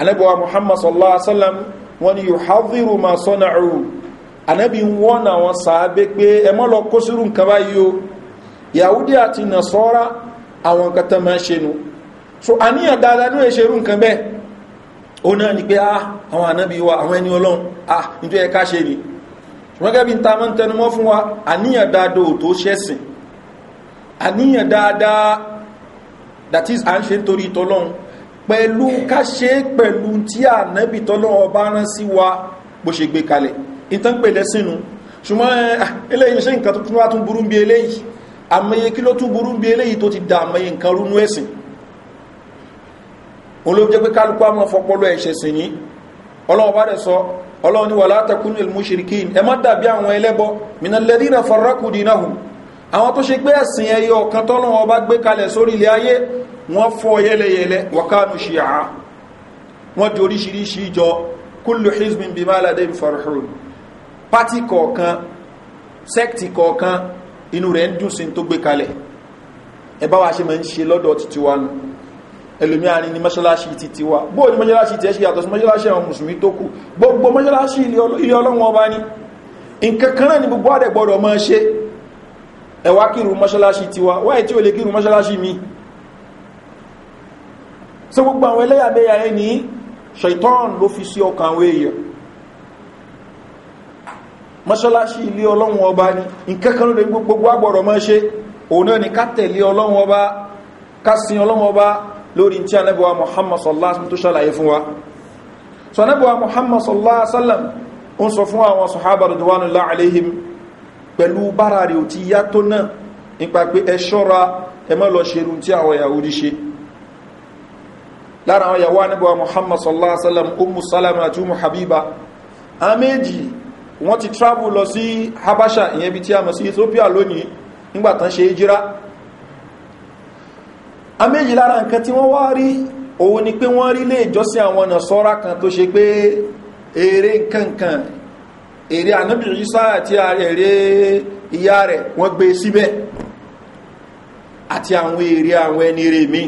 anábíwa muhammad sallallahu alaihi wasallam wọ́n ni yóò hádìrù ma sọ́nà ọ̀rùn anabi ń wọ́n àwọn sàábé pé ẹ mọ́ lọ kó sírù nǹkan báyìí o yahudi àti nasọ́ra àwọn nǹkan máa ṣe nu so àníyàn dáadáa ní ìṣerú nǹkan bẹ́ẹ̀ ó náà ni pé ah àwọn anabi wa àwọn ẹni ọlọ́run ah nítorí ẹ̀ka ṣe ni wọ́n gẹ́bí ń ta máa ń tẹnumọ́ fún wa àníyàn dáadáa ò tó ṣẹ̀sìn àníyàn dáadáa that is à ń ṣe nítorí ìtọ́lọ́run pẹ̀lú ká ṣe pẹ̀lú tí ànábì tọ́lọ́run ọba rán sí wa bó ṣe gbé kalẹ̀ ìtànpè lẹ́sìnú ṣùgbọ́n ah, eléyìí ṣe nǹkan tó wá tún burú bí eléyìí àmọye kí ló tún burú bí eléyìí tó ti dà àmọye nǹkan rúnú ẹ̀sìn olóòbí jẹ́ pé kálukú àmọ́ fọpọlọ ẹ̀ṣẹ̀ sìn ní ọlọ́run bá sọ ọlọ́run wà látàkùnú ilmúṣirikin hizbin bí má ládé farahun pátì kọ̀ọ̀kan sẹ́kìtì kọ̀ọ̀kan inú rẹ̀ ń dùn sí tó gbé kalẹ̀ ẹ wa ṣe máa ń ṣe lọ́dọ̀ títí wa nù ẹlòmí àárín ní mọ́ṣáláṣí ti ti wa bóò ní mọ́ṣáláṣí ti ẹ́ ṣe yàtọ̀ sí mọ́ṣáláṣí àwọn mùsùlùmí tó kù gbogbo mọ́ṣáláṣí ilé ọlọ́run ọba ní nǹkan kan náà ni gbogbo àdẹ̀ gbọ́dọ̀ máa ṣe ẹ̀wà kírù mọ́ṣáláṣí ti wa wáyé tí ó lè kírù mọ́ṣáláṣí mi so gbogbo àwọn ẹlẹ́yàmẹ́yà ẹni ṣaitan ló fi sí ọkàn àwọn èèyàn mọ́ṣọ́láṣí ilé ọlọ́run ọba ni nkankan lórí gbogbo agbọ̀rọ̀ mọ́ ṣe òun náà ni ká tẹ̀lé ọlọ́run ọba ká sin ọlọ́run ọba lórí tí anábíwá muhammad sallallahu alaihi tó ṣàlàyé fún wa so anábíwá muhammad sallallahu alaihi wasallam ń sọ fún àwọn sọ̀hábà rẹ̀dùwánu láàlẹ́hìm pẹ̀lú bára rẹ̀ òtí yá tó náà nípa pé ẹ ṣọ́ra ẹ lára àwọn yahoo anábíwá muhammad sallallahu wọ́n ti travel lọ sí habasha ìyẹn bí tí a mọ̀ sí ethiopia lónìí nígbàtán ṣe jíra a méjì lára nǹkan tí wọ́n wá rí òun ni pé wọ́n rí lé ìjọsí àwọn ọ̀nà sọ́ra kan tó ṣe pé eré nkankan eré anábìrì yísá àti eré ìyá rẹ̀ wọ́n gbé síbẹ̀ àti àwọn eré àwọn ẹni rẹ̀ mi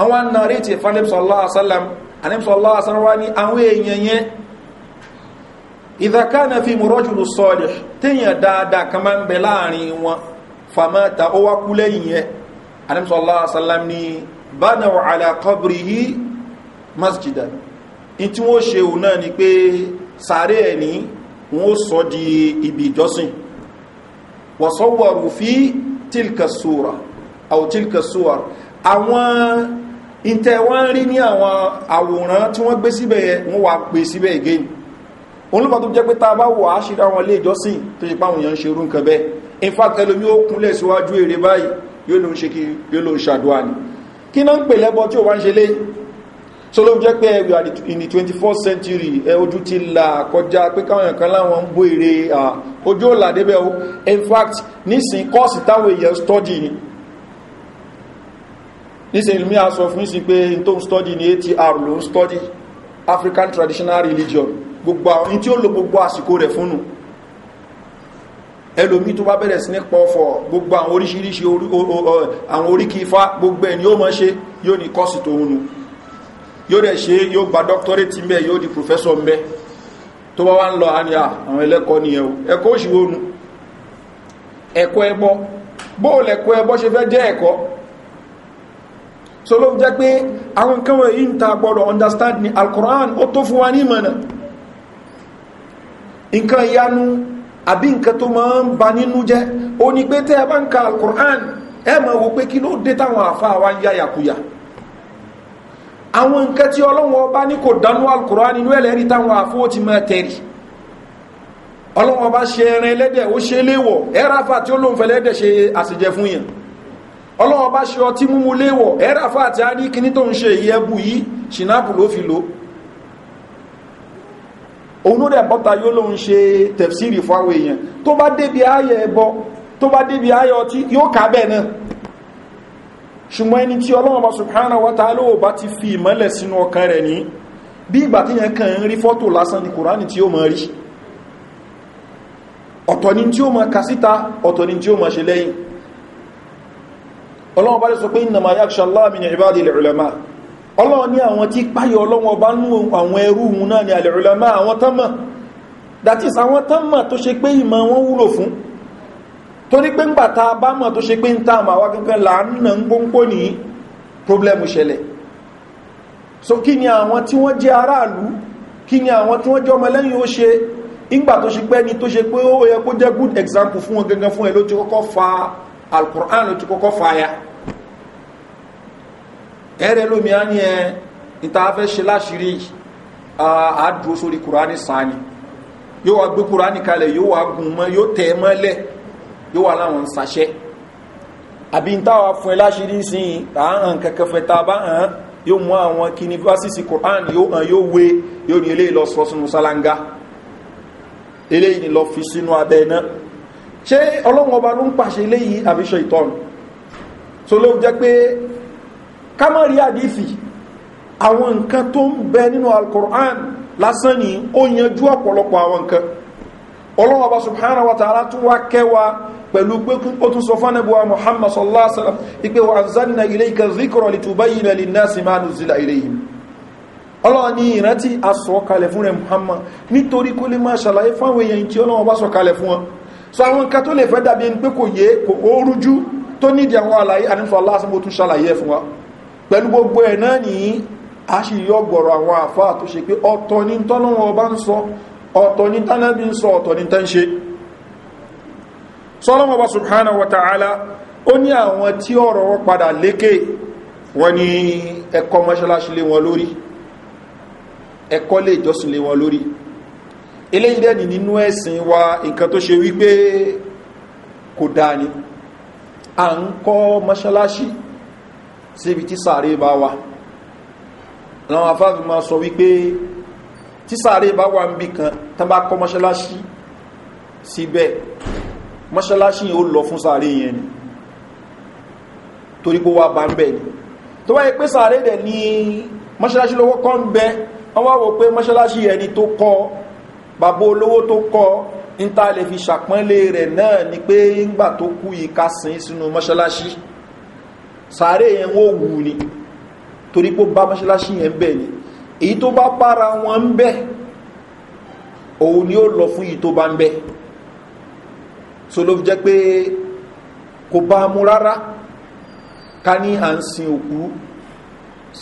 àwọn anàrí ti fanẹ́bùsọ̀lá àsálàm anẹ́bùsọ̀lá àsálàm wá ní àwọn èèyàn yẹn ìdàkánà fi mọ̀rọ́jùlù sọ́ọ̀lẹ̀ tíyàn dáadáa kan máa ń bẹ láàrin wọn fàmátà ó wá kú lẹ́yìn yẹ anamsọ́lọ́sọ́lám ni bánà wà alákọ́bìrì yìí masjida in tí wọ́n ṣe òun náà ni pé sàárẹ̀ ẹni wọ́n sọ di ibi ìjọsìn wọ̀sọ́wọ̀rù fi tilkasura àwọn ìtẹ̀wọ́n rí ní àwọn àwòrán tí wọ́n gbé síbẹ̀ yẹ wọ́n wà pè síbẹ̀ again òun ló bá tó jẹ́ pé tá a bá wọ̀ á ṣe ra wọn ilé ìjọsìn tó ṣe páwọn èèyàn ń ṣe irú nǹkan bẹ́ẹ̀ in fact ẹlòmí ó kúnlẹ̀ síwájú èrè báyìí yóò ló ń ṣe kí yóò ló ń ṣàdúwà ní kí náà ń pè lẹ́bọ tí ó wá ń ṣe léyìn so ló jẹ́ pé ẹ̀rù in the 21st century ẹ ojú ti là kọjá pé káwọn kan láwọn ń bó èrè ojú òlà débẹ̀ o in fact nísìn kọ́ọ̀sì táwọn èèyàn study ni nísìn ìlú mi a sọ fún ìsìn pé n tó ń study ni atr ló ń study african traditional religion gbogbo àwọn tí ó lo gbogbo àsìkò rẹ̀ fúnnu ẹlòmí tó bá bẹ̀rẹ̀ sí ní pọ̀fọ̀ gbogbo àwọn oríṣiríṣi àwọn oríkì ifá gbogbo ẹni yóò mọ́ ṣe yóò ní kọ́sì tó húnnu yóò rẹ̀ ṣe yóò gba dọ́kítọ́rẹ́tì mẹ́ yóò di pòfẹ́sọ̀ mẹ́ tó bá wá ń lọ àní àwọn ẹlẹ́kọ́ ni ẹ̀kọ́ òṣìwò jẹ́ so ló jẹ́ pé àwọn nǹkan wọ̀nyí ń ta gbọ́dọ̀ understand ni alkùnrán ó tó fún wa ní ìmọ̀nà nǹkan ìyanu àbí nǹkan tó ma ń ba nínú jẹ́ o ní pé tẹ́ ẹ bá ń ka alukur'an ẹ mọ̀ wò pé kí ló dé táwọn àfa wa ń yáyàkuyà àwọn nǹkan tí ọlọ́wọ́n ọba ní kò dánú alukur'an nínú ẹlẹ́rìí táwọn àfo ti máa tẹ̀rì ọlọ́wọ́n ọba ṣe ẹran ẹlẹ́dẹ̀ ó ṣe léwọ̀ ẹ̀ráfà tí ó lóun fẹ́lẹ́dẹ̀ ṣe àṣejẹ fún yàn ọlọ́wọ́n ọba ṣe ọtí múmu léwọ̀ ẹ̀ráfà tí a ní kíní tó ń ṣe ìyẹ́bù yìí ló fi lò òun ló dẹ̀ bọ́ta yóò lóun ṣe tẹ̀fsìrì fún àwọn èèyàn tó bá débi ayẹ ẹbọ tó bá débi ayẹ ọtí yóò kà bẹ́ẹ̀ náà ṣùgbọ́n ẹni tí ọlọ́run bá subhanahu wa ta'ala ò bá ti fi ìmọ́lẹ̀ sínú ọkàn rẹ̀ ní bí ìgbà tí yẹn kàn ń rí fọ́tò lásán ní kùránì ọlọ́run ní àwọn tí páyọ ọlọ́wọ́ bá ní àwọn ẹrú òun náà ni alìrìlẹ́mọ́ àwọn tánmà that is àwọn tánmà tó ṣe pé ìmọ̀ wọn wúlò fún torí pé ń gbà ta bá mọ̀ tó ṣe pé ń tààmà wá gẹ́gẹ́ láàánà ń gbóngbó ní problem ṣẹlẹ̀ so kí ni àwọn tí wọ́n jẹ́ aráàlú kí ni àwọn tí wọ́n jẹ́ ọmọlẹ́yìn ó ṣe ìgbà tó ṣe pé ni tó ṣe pé ó yẹ kó jẹ́ good example fún wọn gẹ́gẹ́ fún ẹ ló ti kọ́kọ́ fa alkùnrán ló ti kọ́kọ́ fa ya ẹ̀rẹ́ lómi á ní ẹ ìta fẹ́ ṣe láṣìírí àádùú sórí kùránì sáni yóò wá gbé kùránì kalẹ̀ yóò wá gùn mọ́ yóò tẹ̀ mọ́lẹ̀ yóò wá láwọn ń sàṣẹ́ àbí ń táwa fún ẹ láṣìírí sí i tá à hàn kẹ̀kẹ́ fẹ́ tá a bá hàn yóò mú àwọn kíní fásitì kùránì yóò hàn yóò wé yóò ní eléyìí lọ sọ sínú sálángá eléyìí ni lọ fi sínú abẹ náà ṣé ọlọ́run ọba ló ń pàṣẹ eléyìí àbíṣọ ìtọ́nù so ló jẹ́ pé kámọ́rí àdífì àwọn nǹkan tó ń bẹ nínú alkùnrán lásán ni ó yanjú ọ̀pọ̀lọpọ̀ àwọn nǹkan ọlọ́wọ́ bá subhana wa ta'ala tún wá kẹwa pẹ̀lú pé ó tún sọ fánà muhammad sallallahu alaihi wasallam ipe wa zanna ilé ika zikọrọ lè tuba muhammad nítorí kó lè máa ṣàlàyé fáwọn èèyàn tí ọlọ́wọ́ bá sọ̀kalẹ̀ fún wọn so àwọn nǹkan tó lè fẹ́ dàbí ẹni pẹ̀lú gbogbo ẹ̀ náà ní a sì yọ gọ̀rọ̀ àwọn àfá tó ṣe pé ọ̀tọ̀ ní tọ́lọ́wọ́ bá ń sọ ọ̀tọ̀ ní tánàbí ń sọ ọ̀tọ̀ ní tán ṣe sọ́lọ́wọ́ bá subhana wa ta'ala ó ní àwọn tí ọ̀rọ̀ wọn padà lékè wọn ni ẹ̀kọ́ mọ́ṣáláṣí lé wọn lórí ẹ̀kọ́ lè jọ́sìn lé wọn lórí eléyìí dẹ́ni síbi tí sàárè bá wà láwọn afáàfin máa sọ wípé tí sàárè bá wà ń bí kan tán bá kọ́ mọ́ṣáláṣí síbẹ̀ mọ́ṣáláṣí yẹn ó lọ fún sàárè yẹn ni torí kó wá bá ń bẹ̀ ni tó wáyé pé sàárè dẹ̀ ní mọ́ṣáláṣí lówó kọ́ ń bẹ wọ́n wá wò pé mọ́ṣáláṣí ẹni tó kọ́ bàbá olówó tó kọ́ ń ta lè fi ṣàpọ́nlé rẹ̀ náà ni pé ńgbà tó kú yìí ká sin sínú mọ́ṣáláṣí sàárè yẹn wọ́n wù ni torí pé bá mọ́ṣáláṣí yẹn bẹ̀ ni èyí tó bá para wọn ń bẹ̀ òun ni ó lọ fún èyí tó bá ń bẹ̀ so ló fi jẹ́ pé kò bá mú rárá ká ní à ń sin òkú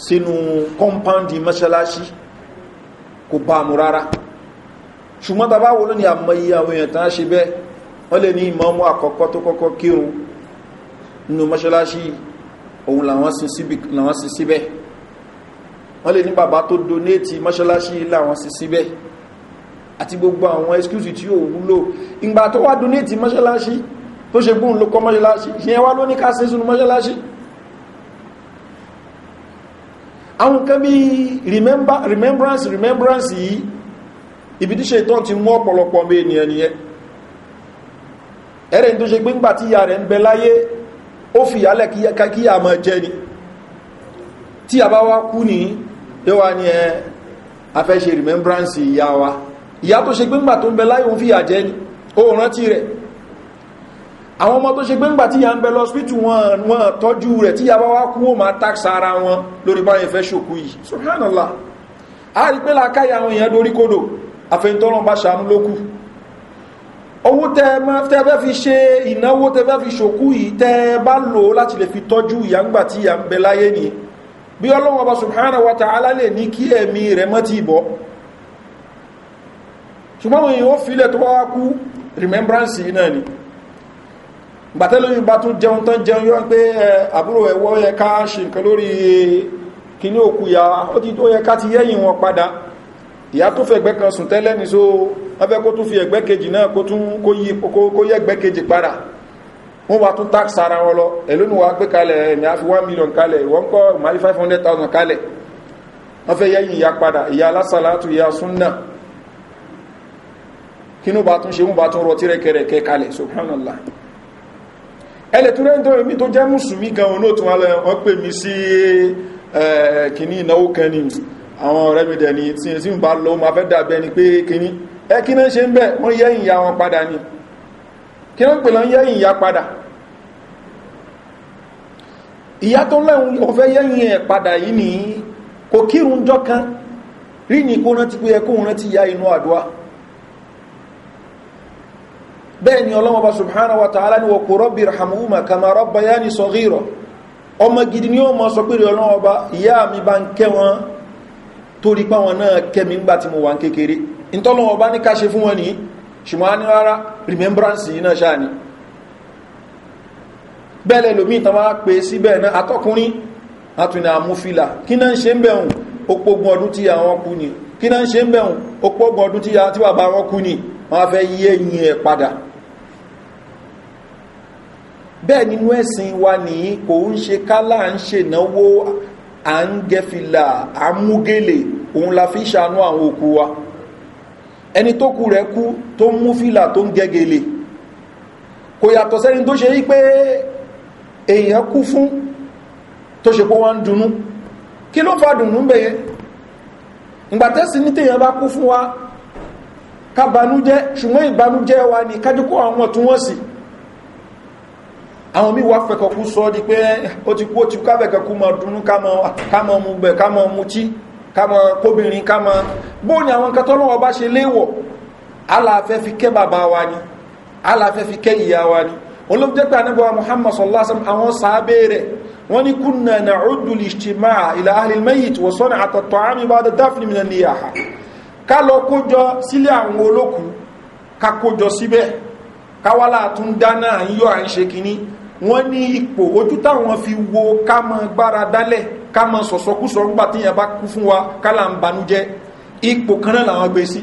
sínú kọ́mpáǹdì mọ́ṣáláṣí kò bá mú rárá ṣùgbọ́n tàbá wo ló ní àmọ́yí àwọn èèyàn tán ṣe bẹ́ẹ̀ wọ́n lè ní ìmọ̀ ọmọ àkọ́kọ́ tó kọ́kọ́ kírun nínú mọ́ṣáláṣí yìí òun làwọn sí síbẹ̀ wọ́n lè ní bàbá tó donéètì mọ́ṣálásí láwọn sí síbẹ̀ àti gbogbo àwọn excuse tí ó wúlò ìgbà tó wá donéètì mọ́ṣálásí tó ṣe gbóhùn ló kọ́ mọ́ṣálásí yẹn wá ló ní ká sí sínú mọ́ṣálásí àwọn nǹkan bí remembrance remembrance yìí ibi tí ṣe ìtọ́ ti mú ọ̀pọ̀lọpọ̀ mẹ́ ènìyàn nìyẹn ẹ̀rẹ́ tó ṣe gbé ńgbà tí ìyá rẹ̀ ń bẹ láyé ó fi yálẹ̀ kí a mọ̀ jẹ́ ni tí a bá wá kú ní yóò wá ẹ afẹ́ṣe remembrance ìyá wa ìyá tó ṣe gbéǹgbà tó ń bẹ láyé òun fi àjẹ́ ni ó rántí rẹ̀ àwọn ọmọ tó ṣe gbéǹgbà tí ya ń bẹ lọ́spítù wọn wọn tọ́jú rẹ̀ tí ya bá wá kú ó máa tax ara wọn lórí bá yẹn fẹ́ ṣòkú yìí subhanallah a rí pé làákàyà àwọn èèyàn dorí kodò àfẹ́ntọ́rọ̀ bá ṣàánú lókù owó tẹ bẹ́ fi ṣe ìnáwó tẹ bẹ́ fi ṣòkú yìí tẹ bá lò láti lè fi tọ́jú ìyá ń gbà tí ìyá ń bẹ láyé ni bí ọlọ́wọ́n ṣùgbọ́n wa ta'ala lè ní kí ẹ̀mí rẹ̀ mọ́ ti bọ́ ṣùgbọ́n wọn yóò filẹ̀ tó wá kú remembrance yìí náà ni gbàtẹ́lómi bá tún jẹun tán jẹun yọ pé àbúrò ẹ̀wọ́ yẹ ká ṣe nǹkan lórí kíní òkú ya ó ti tó yẹ ká ti yẹ́yìn wọn padà ìyá tó fẹ̀gbẹ́ kan sùn tẹ́lẹ̀ ni so wọ́n fẹ́ kó tún fi ẹ̀gbẹ́ kejì náà kó tún kó yẹ ẹ̀gbẹ́ kejì padà wọ́n wá tún tax ara wọn lọ ẹ̀lú ni wàá gbé kalẹ̀ ẹ̀mí àfi one million kalẹ̀ wọ́n kọ́ màálí five hundred thousand kalẹ̀ wọ́n fẹ́ yẹ ìyá padà ìyá alásàlátù ìyá súnà kí ní bá tún ṣe wọ́n bá tún rọ tí kalẹ̀ subhanallah ẹlẹ̀ tó rẹ̀ ń tọ́rọ mi tó jẹ́ mùsùlùmí gan ọ̀nà òtún alẹ́ wọ́n pè mí sí kìíní ìnáwó kan ẹ kí náà ṣe ń bẹ́ wọ́n yẹ́ ìyá wọn padà ní kí náà pèlọ yẹ́ ìyá padà ìyá tó lẹ́hun kò fẹ́ yẹ́ ìyẹn padà yìí ní kò kírun jọ kan rí ní kó rántí pé ẹkùn rántí ya inú àdúwá bẹ́ẹ̀ ni ọlọ́mọba subhanahu wa ta'ala ni wọ́n kò rọ́bì kama rọ́bà yá ni ọmọ gidi ni ó mọ sọ pé ọlọ́mọba ìyá mi bá ń kẹ́ wọn torí pa wọn náà kẹ́mi ńgbà tí mo wà ń ìtọ́lọ́wọ́ bá ní ká ṣe fún wọn ní ṣùgbọ́n a ní rárá remembrance ṣáà ni bẹ́ẹ̀lẹ̀ lómi ìtàn máa pè síbẹ̀ náà atọ́kùnrin àtúnà àmúfilà kí náà ń ṣe ń bẹ̀hùn opogun ọdún tí àwọn kú ni kí náà ń ṣe ń bẹ̀hùn opogun ọdún tí bàbá wọn kú ni wọ́n fẹ́ yí ẹni tó kú rẹ̀ kú tó mú fílà tó ń gẹ́gẹ́lẹ̀ kò yàtọ̀ sẹ́ni tó ṣe pé èèyàn kú fún tó ṣe wa ń dunú kí ló fa dùnú ń bẹ̀yẹn ìgbàtẹ́sí ní tèèyàn bá kú fún wa ká banújẹ́ ṣùgbọ́n ìbanújẹ́ wa ni kájúkọ́ àwọn tún wọ́n àwọn mí wá di pé ó ti kú ó ti mọ̀ dunú ká mọ̀ mú bẹ̀ kama kóbìnrin kama bó ni àwọn nǹkan tọ́lọ́wọ́ bá ṣe léwọ̀ aláfẹ́ fi kẹ́ bàbá wa ni aláfẹ́ fi kẹ́ ìyá wa ni olóòjẹ́ pé anábọ̀wà muhammad sallallahu alaihi wasallam àwọn sàábé rẹ̀ wọ́n ní kúnnà na ọdún ìṣtìmá ilẹ̀ ahìlì mẹ́yìt wọ́n sọ́nà àtọ̀tọ̀ àmì bá dáfni mi ní àhà ká lọ kójọ sílé àwọn olókùn ká kójọ síbẹ̀ káwálà tún dáná àyíyọ́ à ń ṣe kìíní wọ́n ní ipò ojú fi wo ká mọ gbára dálẹ̀ ká mọ sọ̀sọ́kúsọ ńgbà tí yẹn bá kú fún wa kálà ń banújẹ́ ipò kan náà làwọn gbé sí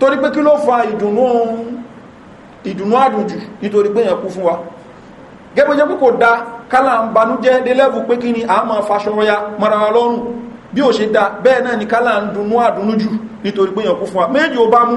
torí pé kí ló fa ìdùnnú ìdùnnú àdùnjù nítorí pé yẹn kú fún wa gẹ́gbẹ́ jẹ́ pé kò da kálà ń banújẹ́ dé lẹ́bù pé kí ni a máa faṣọ ya mara wa lọ́rùn bí ò ṣe da bẹ́ẹ̀ náà ni kálà ń dunnú àdùnnú jù nítorí pé yẹn kú fún wa méjì ó bá mú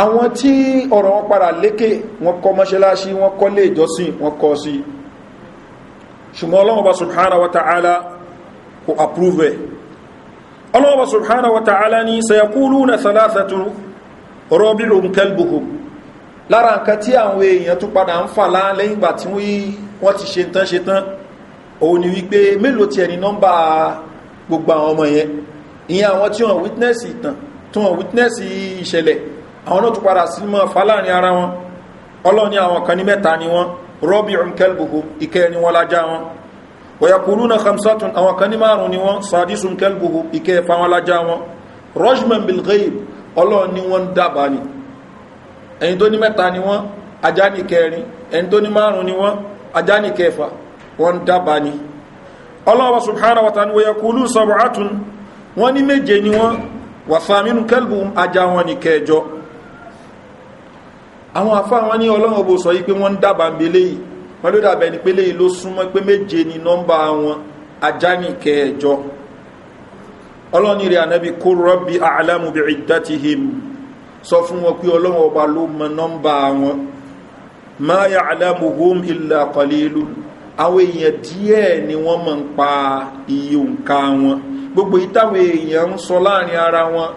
àwọn tí ọ̀rọ̀ wọn padà lékè wọn kọ mọ́ṣẹ́láṣí wọn kọ́ lé ìjọsìn wọn kọ́ sí ṣùgbọ́n ọlọ́wọ́ bá subhanahu wa ta'ala kò approve ẹ̀ ọlọ́wọ́ bá subhanahu wa ta'ala ní sayakulu na salasatu rọ́bí romkelbuku lára nǹkan tí àwọn èèyàn tó padà ń fà lẹ́yìn tí wọ́n ti ṣe tán ṣe tán òun ni wípé mélòó ti ẹni nọ́mbà gbogbo àwọn ọmọ yẹn ìyẹn àwọn tí wọ́n witness ìtàn tí wọ́n witness ìṣẹ̀lẹ̀ àwọn náà tún padà sí mọ́ fáláàrin ara wọn ọlọ́ni àwọn kan ní mẹ́ta ni wọ́n rọ́bì ọ̀nkẹ́lbùkù ìkẹ́ ni wọ́n lájá wọn wọ̀yàkùrú na hamsatun àwọn kan ní márùn ni wọ́n sadisu nkẹ́lbùkù ìkẹ́ fa wọn lájá wọn rọ́ṣmẹ̀n bilgayib ọlọ́ni wọ́n dábàá ni ẹni tó ní mẹ́ta àwọn àfá wọn ní ọlọ́run bó sọ yí pé wọ́n ń dábàá ń belé yìí wọ́n ló dàbẹ̀ ni pé léyìí ló súnmọ́ pé méje ni nọ́mbà wọn ajá ní kẹẹ̀jọ ọlọ́run rẹ̀ ànábi kó rọ́bì àlámù bí ìdátihìm sọ fún wọn pé ọlọ́run ọba ló mọ nọ́mbà wọn máa yà àlámù hóm ilẹ̀ àkọlẹ́lú àwọn èèyàn díẹ̀ ni wọ́n mọ̀ ń pa iye òǹkà wọn gbogbo ìtàwọn èèyàn ń sọ láàrin ara wọn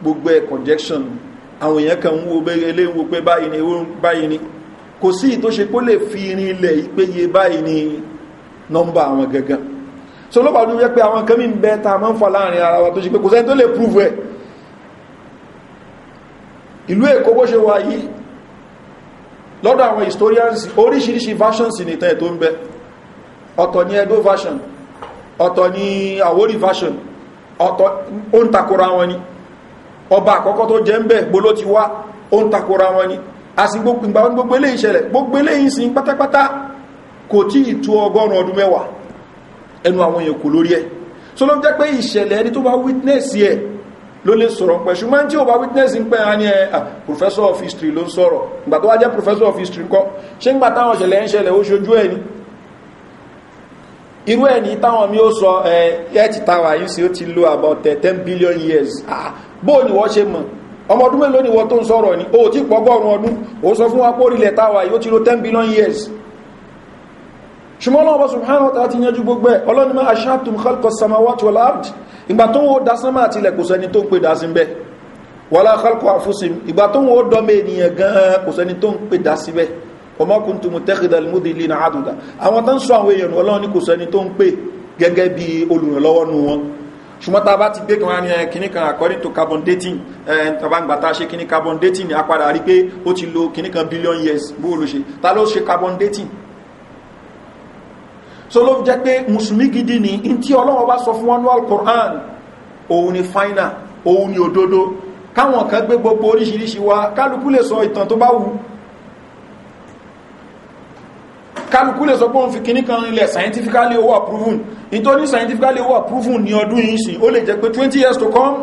gbogbo ẹ̀ conjection àwọn èèyàn kan ń wo bẹ́rẹ̀ lé wo pé báyìí ni báyìí ni kò sí tó ṣe kó lè fi irin ilẹ̀ ìpéye báyìí ni nọ́mbà àwọn gangan so ló pàdé wípé àwọn kan ń bẹ́ ta máa ń fà láàrin ara wa tó ṣe pé kò sẹ́ni tó lè prúfù ẹ̀ ìlú èkó bó ṣe wà yìí lọ́dọ̀ àwọn historians oríṣiríṣi versions ní tẹ́ tó ń bẹ ọ̀tọ̀ ní edo version ọ̀tọ̀ ní àwórí version ọ̀tọ̀ ó ń takora wọn ni ọba àkọ́kọ́ tó jẹ́ ń bẹ̀ gbóló ti wá ó ń takora wọn ni a sì gbogbo ilé ìṣẹ̀lẹ̀ gbogbo ilé ìsìn pátápátá kò tí ìtú ọgọ́rùn ọdún mẹ́wàá ẹnu àwọn èèyàn kò lórí ẹ̀ so ló jẹ́ pé ìṣẹ̀lẹ̀ ẹni tó bá witness ẹ̀ ló lè sọ̀rọ̀ pẹ̀ ṣùgbọ́n tí ó bá witness ń pẹ́ àní ẹ̀ ah, professor of history ló ń sọ̀rọ̀ ìgbà tó wá jẹ́ professor of history kọ́ ṣé ń gbà táwọn ìṣẹ̀lẹ̀ ń ṣẹlẹ̀ ó ṣojú ẹ̀ ni irú ẹni táwọn mi ó sọ ẹ ẹ ti táwa yìí sí ó ti lo about eh, ten billion years ah bóò ni wọ́n ṣe mọ̀ ọmọ ọdún mélòó ni wọ́n tó ń sọ̀rọ̀ ni o ti pọ̀gọ́rùn ọdún o sọ fún wa pórílẹ̀ táwa yóò ti lo 10 billion years ṣùgbọ́n ọlọ́wọ́ subhanahu ta ti yanjú gbogbo ẹ̀ ọlọ́nimọ̀ aṣáàtùm khalqas samawati wal ard ìgbà tó ń wo dasánmà àti wala khalqa àfúsim ìgbà tó ń wo dọ́mẹ̀ ènìyàn gan-an kò ọmọ kún tó mú tẹ́kìdà lóde ilé náà àdùdà àwọn tó ń sọ àwọn èèyàn ọlọ́run ní kò sẹ́ni tó ń pè gẹ́gẹ́ bí olùrànlọ́wọ́ nu wọn ṣùgbọ́n tá a bá ti gbé kan ní kíní according to carbon dating ẹ̀ tàbá ń gbà tá a ṣe kíní carbon dating a padà rí pé ó ti lo kíní billion years bó o ló ṣe ta ló ṣe carbon dating so ló jẹ́ pé mùsùlùmí gidi ni in tí ọlọ́run bá sọ fún wọn ní alkoran òun ni final òun ni òdodo káwọn kan gbé gbogbo oríṣiríṣi wa kálukú lè sọ ìtàn tó bá wù ú kálukú lè sọ pé òun fi kíní kan nílẹ̀ scientifically owó approven nítorí scientifically owó approven ní ọdún yìí sìn ó lè jẹ́ pé 20 years to come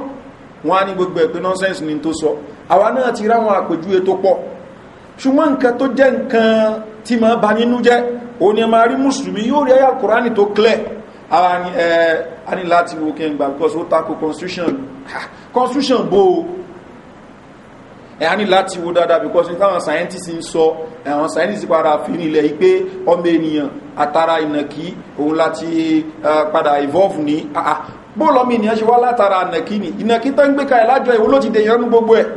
wọ́n á ní gbogbo ẹ̀ nonsense ni tó sọ àwa náà ti ráwọn àpèjúwe tó pọ̀ ṣùgbọ́n nǹkan tó jẹ́ nǹkan tí ma ba nínú jẹ́ òun ni a rí mùsùlùmí yóò rí ayá kùránì tó clear a ní láti wo kí because ó tako constitution constitution bó o ẹ̀ á ní láti wo dáadáa because ní táwọn scientist ń sọ àwọn scientist padà fi nílẹ̀ yìí pé ọmọ ènìyàn àtàrà ìnàkí òun láti padà evolve ní bó lọ́mọ ènìyàn ṣe wá látara ìnàkí ni ìnàkí tó ń gbé kalẹ̀ lájọ ìwó ló ti dè yẹn gbogbo ẹ̀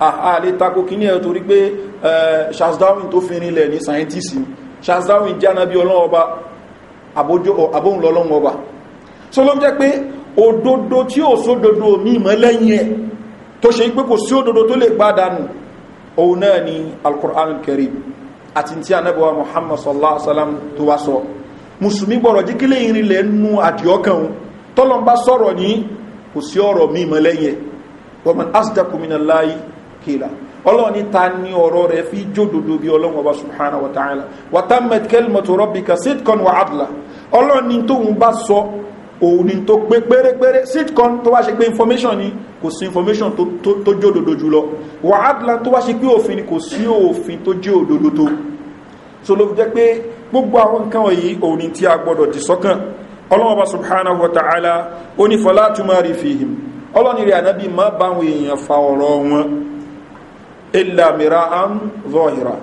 àà tako kí ní ẹ̀ torí pé charles tó fi nílẹ̀ ní scientist ni charles darwin jẹ́ anábí ọlọ́wọ́ ọba àbóhùn lọ́lọ́wọ́ ọba so ló jẹ́ pé òdodo tí mi mọ́ tó ṣe pé kò sí òdodo tó lè gbádànù òun náà ni alkur'an karim àti tí anábọ̀wá muhammad sallallahu alaihi wasallam tó wá sọ musulmi gbọ́rọ̀ jí kílé ìrìn lẹ́ nú àdìọ́kàn tọ́lọ́n bá sọ̀rọ̀ ní kò sí ọ̀rọ̀ mímọ̀ lẹ́yẹ wọ́n mọ̀ asdakumina láyé kìlá bá sọ òun ní tó pé pérépéré sitcon tó wá ṣe pé information ni kò sí information tó jẹ́ òdodo jùlọ wà ádùlá tó wá ṣe pé òfin ni kò sí òfin tó jẹ́ òdodo tó so ló jẹ́ pé gbogbo àwọn nǹkan wọ̀nyí òní tí a gbọ́dọ̀ dì sọ́kàn ọlọ́wọ́ba subhanahu wa ta'ala ó ní fọlá túnmọ̀ rí fi him ọlọ́ni rí ànábì má báwọn èèyàn fa ọ̀rọ̀ wọn ilẹ̀ mìíràn án zọ́hìrà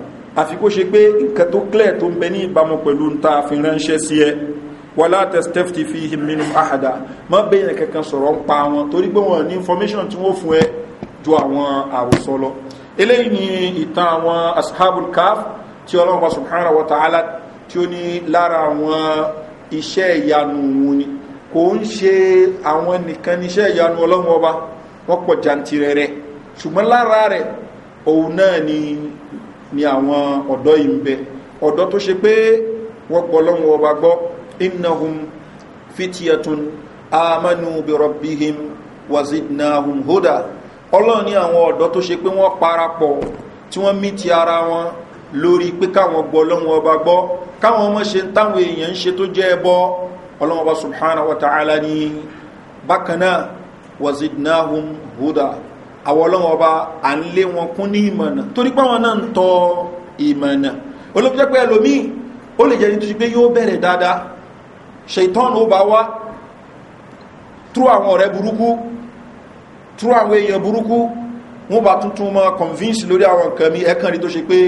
wàlá tẹ́stẹ́fì fi him nínú àhàdà má bẹ́yẹn kankan sọ̀rọ̀ ń pa wọn torí pé wọn ní information tí wọ́n fún ẹ ju àwọn àròsọ lọ eléyìí ni ìtàn àwọn ashabul kaf tí ọlọ́run bá subhanahu wa ta'ala tí ó ní lára àwọn iṣẹ́ ìyanu òun ni kò ń ṣe àwọn nìkan níṣẹ́ ìyanu ọlọ́run ọba wọ́n pọ̀ jantirẹ̀ rẹ̀ ṣùgbọ́n lára rẹ̀ òun náà ni ni àwọn ọ̀dọ́ yìí ń bẹ ọ̀dọ́ tó ṣe pé wọ́n pọ̀ ọlọ́run ọba gbọ́ إنهم فتية آمنوا بربهم وزدناهم هدى ọlọ́run ní àwọn ọ̀dọ́ tó ṣe pé wọ́n parapọ̀ tí wọ́n mí ti ara wọn lórí pé káwọn gbọ́ ọlọ́run ọba gbọ́ káwọn ọmọ ṣe táwọn èèyàn ń ṣe tó jẹ́ ẹbọ ọlọ́run ọba subhanahu wa ta'ala ni bákan wazidnahum huda àwọn ọlọ́run ọba à ń lé wọn kún ní ìmọ̀nà torí pé náà ń tọ ìmọ̀nà olóòjẹ́ pé ẹlòmíì ó lè jẹ́ nítorí pé yóò bẹ̀rẹ̀ dáadáa ṣètọ́n ó bá wá trú àwọn ọ̀rẹ́ burúkú trú àwọn èèyàn burúkú wọ́n bá tuntun mọ́ convince lórí àwọn nǹkan mi ẹkàn rí tó ṣe pé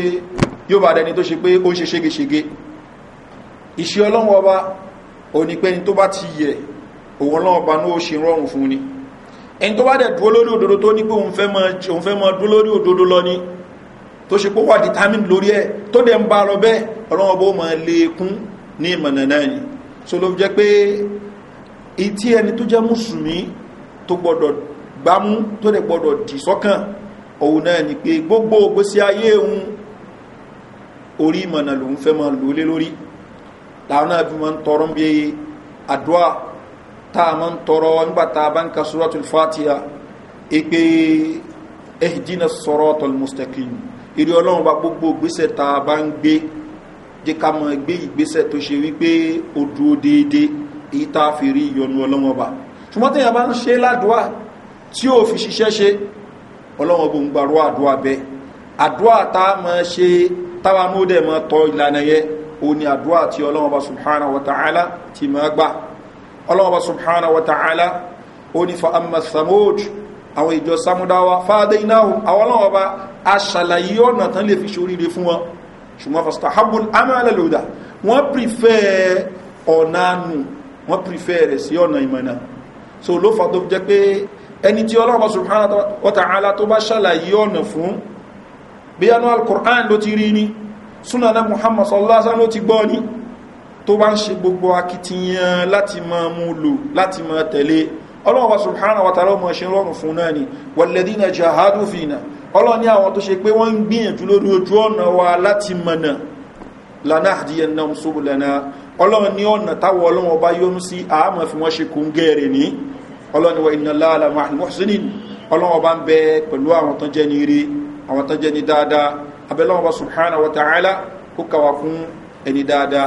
yóò bá dẹni tó ṣe pé ó ń ṣe ṣégeṣége iṣẹ́ ọlọ́wọ́ ọba onípẹ́ni tó bá ti yẹ òun ọlọ́wọ́ ọba ní ó ṣe rọrùn fún ni ẹni tó bá dẹ̀ dúró ni tó ìmọ̀nà náà ni so ló jẹ́ pé ìtí ẹni tó jẹ́ mùsùlùmí tó gbọ́dọ̀ gbámú tó dẹ̀ gbọ́dọ̀ dì sọ́kàn òun náà ni pé gbogbo ògbésí ayé òun orí ìmọ̀nà lòun fẹ́ máa lò lé lórí láwọn náà fi máa ń tọrọ bí àdúrà tá a máa ń tọrọ nígbàtà bá ń ka suratul fatiha ipe ehdina suratul mustaqim ìrí ọlọ́run bá gbogbo ògbésẹ̀ tá a bá ń gbé jẹ́ ká mọ gbé ìgbésẹ̀ tó ṣe wípé ó dúró déédéé èyí tá a fi rí ìyọnu ọlọ́wọ́n ọba ṣùgbọ́n téèyàn bá ń ṣe ládùúà tí ò fi ṣiṣẹ́ ṣe ọlọ́wọ́n ọba ń gbarú àdúà bẹ́ẹ̀ àdúà tá a mọ ṣe táwa mú dẹ̀ mọ tọ ìlànà yẹ òun ni àdúà tí ọlọ́wọ́n ọba subhana wa ta'ala ti mọ́ gbà ọlọ́wọ́n ọba subhana wa ta'ala ó ní fa amma samud àwọn ìjọ samudawa fáadé ináhùn àwọn ọlọ́wọ́n ọba aṣàlàyé ọ̀nà tán lè fi ṣoríire fún wọn ṣùgbọ́n fasta habun amala lòdà wọ́n prefer ọ̀nà nù wọ́n prefer rẹ̀ sí ọ̀nà ìmọ̀nà so ló fà tó jẹ́ pé ẹni tí ọlọ́run subhanahu wa ta'ala tó bá ṣàlàyé ọ̀nà fún bí yánú al-qur'an ló ti rí ní súnàdá muhammad sallallahu ọlọ́wọ́ subhanahu wa ta'ala mọ̀ ṣe rọrùn fún náà ni wàlẹ̀dínà jahadu fina ọlọ́ni àwọn tó ṣe pé wọ́n ń gbìyànjú lórí ojú ọ̀nà wa láti mọ̀nà lana àdíyàn náà sóbù lana ọlọ́run ní ọ̀nà táwọ̀ ọlọ́wọ́ bá yónú sí àmọ́ fi wọ́n ṣe kún gẹ́ẹ̀rẹ̀ ní ọlọ́ni wa iná láàlá mahmuhsinin ọlọ́wọ́ bá ń bẹ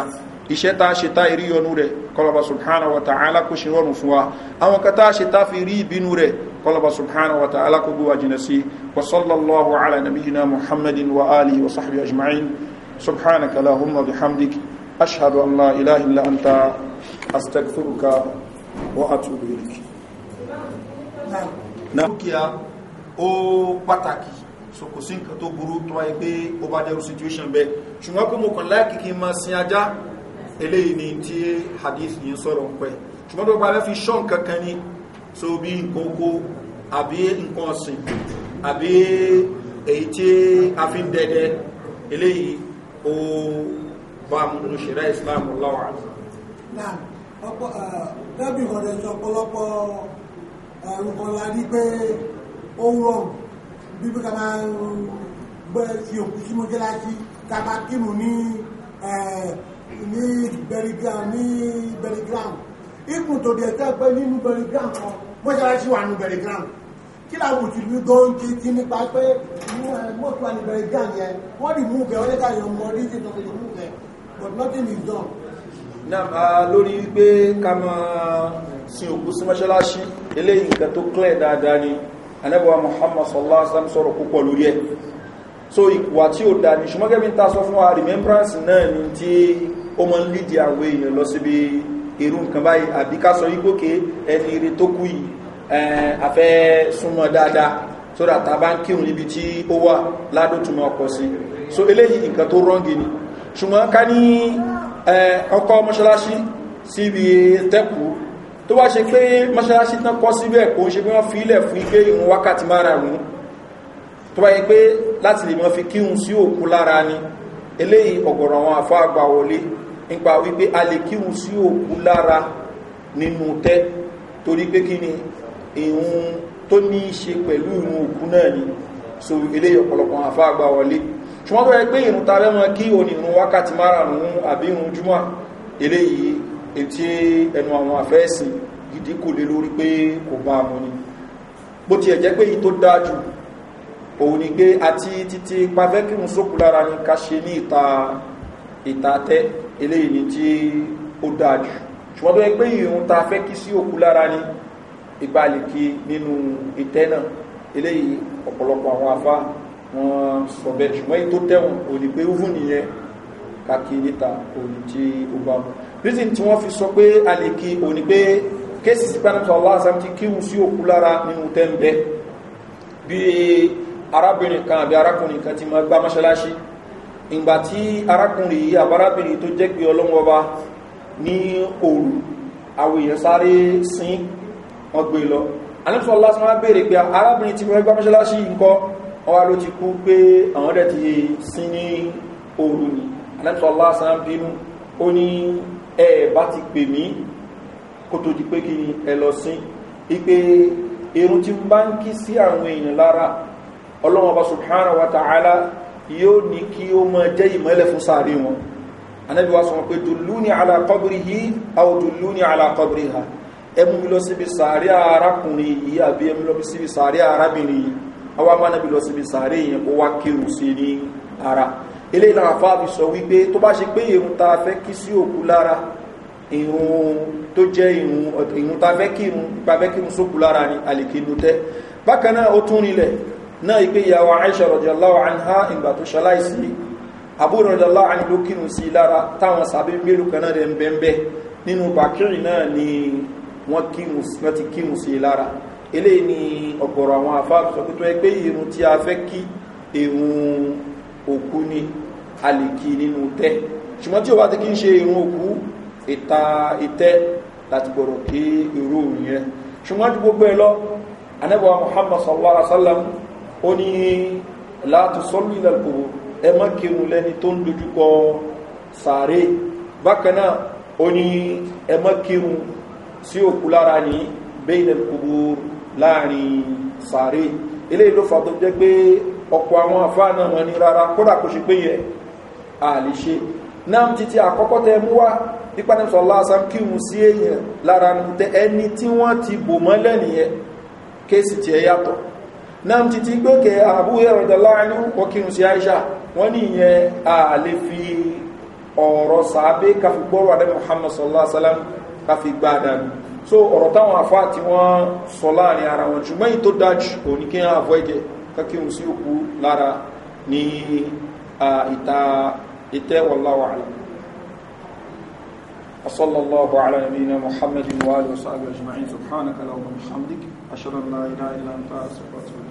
ṣe tá ìrí yọnu rẹ̀ kọlọba subhanahu wa ta'ala kó ṣe rọrùn fún wa àwọn kata ṣe ta fi rí ìbínú rẹ̀ kọlọba subhanahu wa ta'ala kó gbówà jìnà sí wa sallallahu ala nabiyina muhammadin wa alihi wa sahbihi ajma'in subhanaka lahumma bihamdik ashhadu an la ilaha illa anta astaghfiruka wa atubu ilayk na dúkìá ó pàtàkì so kò sí nǹkan tó burú tó wáyé pé ó situation bẹ́ẹ̀ ṣùgbọ́n pé mo kàn láìkìkì máa sin ajá eléyìí ni tí hadith yìí sọ̀rọ̀ ń pẹ́ ṣùgbọ́n tó parẹ́ fi ṣọ́ nǹkan kan ní so bí nǹkan oko àbí nǹkan ọ̀sìn àbí èyí tí a fi ń dẹdẹ eléyìí ó bá mú ṣẹ̀rá islam lọ́wọ́ dábì ọ̀rẹ́ sọ ọ̀pọ̀lọpọ̀ nǹkan la rí pé ó rọrùn bí bí ká máa ń gbẹ́ fi òkú sí mọ́jẹ́lá sí ká ní ní burial ground ní burial ground ipò tó dẹ̀ tẹ́ pé nínú burial ground kan mọ́ṣáláṣí wà ní burial ground kí làwọn òṣèlú gan ti ti nípa pé eh, mọ́tò wà ní yẹn wọ́n rí mú wọ́n lẹ́ka yọ̀ mọ́ rí tètè lè mú kẹ́ but nothing is done. náà lórí wípé ká máa sin òkú sí mọ́ṣáláṣí eléyìí nǹkan tó clear dáadáa ni anábọ̀wá Muhammad sallallahu alaihi wasallam sọ̀rọ̀ púpọ̀ lórí ẹ̀ so ìwà tí ó dá ní ṣùgbọ́n gẹ́gẹ́ bí n ta sọ fún wa remembrance náà ni tí ó mọ́ ń lídìí àwọn èèyàn lọ síbi irú nǹkan báyìí àbí ká sọ igbókè ẹni ire tó kú yìí afẹ́ súnmọ́ dáadáa so that ta bá ń kírun níbi tí ó wà ládótùmọ̀ ọkọ̀ sí so eléyìí nǹkan tó rọ́ǹgì ni ṣùgbọ́n ká ní ọkọ̀ mọ́ṣáláṣí síbi tẹ́kù tó wá ṣe pé mọ́ṣáláṣí tán kọ́ síbẹ̀ kò ń ṣe pé wọ́n fi fún ipé ìrún wákàtí márùn-ún tó bá pé láti lè mọ́ fi kírun sí òkú lára ni eléyìí ọ̀gọ̀rọ̀ àwọn àfọ́ àgbà wọlé nípa wípé a lè kíhun sí òkú lára nínú tẹ́ torí pé kí ni ìhun tó ní í ṣe pẹ̀lú ìrun òkú náà ni so ilé ọ̀pọ̀lọpọ̀ àfá àgbà wọlé ṣùgbọ́n tó yẹ pé ìrun ta lẹ́mọ kí o ní ìrun wákàtí márùn-ún àbí ìrun júmọ́ ilé yìí etí ẹnu àwọn àfẹ́ẹ̀sìn gidi kò lè lórí pé kò bá mú ni bó ti ẹ̀jẹ́ pé yìí tó dájú òun ni pé àti títí pafẹ́kìrún sókù lára ni ká ṣe ní ìta ìtàtẹ́ eléyìí ni tí ó dáa jù ṣùgbọ́n tó yẹ pé ìrún ta fẹ́ kí sí òkú lára ni ìgbàlìkì nínú ìtẹ́ náà eléyìí ọ̀pọ̀lọpọ̀ àwọn afá wọn sọ bẹ́ẹ̀ ṣùgbọ́n èyí tó tẹ̀wọ̀n kò ní pé óvùn nìyẹn kàkí níta kò ní tí ó bá mú reason tí wọ́n fi sọ pé àlèkì ò ní ìgbà tí arákùnrin yìí àbárábìnrin tó jẹ́ pé ọlọ́mọba ní òòrù àwọn èèyàn sáré sín wọ́n gbé lọ alẹ́sọ̀ lásán wá bèèrè pé arábìnrin ti mẹ́gbà mọ́ṣáláṣí nǹkan ọwá ló ti kú pé àwọn dẹ̀ ti sín ní òòrù ni alẹ́sọ̀ lásán bínú ó ní ẹ bá ti pè mí kó tó di pé kí ẹ lọ sín ipe irun tí bá ń kí sí àwọn èèyàn lára ọlọ́mọba subhanahu wa ta'ala yóò ní kí ó mọ jẹ́ ìmọ́lẹ̀ fún sáré wọn anábí wa sọ pé dùlú ní alákọ́bìrì yìí àwọn dùlú ní alákọ́bìrì ha ẹmú mi lọ síbi sáré arákùnrin yìí àbí ẹmú lọ síbi sáré arábìnrin yìí àwọn amánábí lọ síbi sáré yẹn kó wá kéwù sí ní ara ilé ìlànà àfáàbí sọ wípé tó bá ṣe pé irun ta fẹ́ kí sí òkú lára irun tó jẹ́ irun ta fẹ́ kí irun sókú lára ni àlèkè lótẹ́ bákan náà ó tún rinlẹ̀ náà ipé ìyàwó aisha rọ̀dìyàláwà anha ìgbà tó ṣaláìsí àbúrò rọ̀dìyàláwà ní ló kírun sí lára táwọn sàbí mélòó kan náà rẹ̀ ń bẹ́ńbẹ́ nínú bàkírì náà ni wọ́n ti kírun sí lára eléyìí ni ọ̀gọ̀rọ̀ àwọn àfáàbù sọ pé tó ẹgbẹ́ irun tí a fẹ́ kí irun òkú ni a lè ó ní látò sọ́lù ìlàkò ẹ má kírun lẹ́ni tó ń dojúkọ sàárè bákan náà ó ní ẹ má kírun sí òkú lára ní bẹ́ẹ̀nẹ̀ kúrú láàrin sàárè ilé ìlú fàtó jẹ́ pé ọ̀pọ̀ àwọn àfáà náà wọn ni rárá kódà kò ṣe pé yẹ àlèṣe náà títí ti ẹ yàtọ̀ náà ti ti gbókè àbúyẹ̀ ọ̀dọ̀láàánú wọ́kírùn sí aisha wọ́n ní ìyẹn ààlè fi ọ̀rọ̀ sàábé káfí gbọ́rọ̀ adẹ́ muhammad sallallahu alaihi wasallam káfí so ọ̀rọ̀ táwọn afá tí wọ́n sọ láàrin ara wọn jùmọ́ yìí tó dájú òní kí wọ́n àvọ́ ẹ̀jẹ̀ kákírùn الله على نبينا محمد وآله وصحبه أجمعين سبحانك اللهم وبحمدك أشهد أن لا إله إلا أنت أستغفرك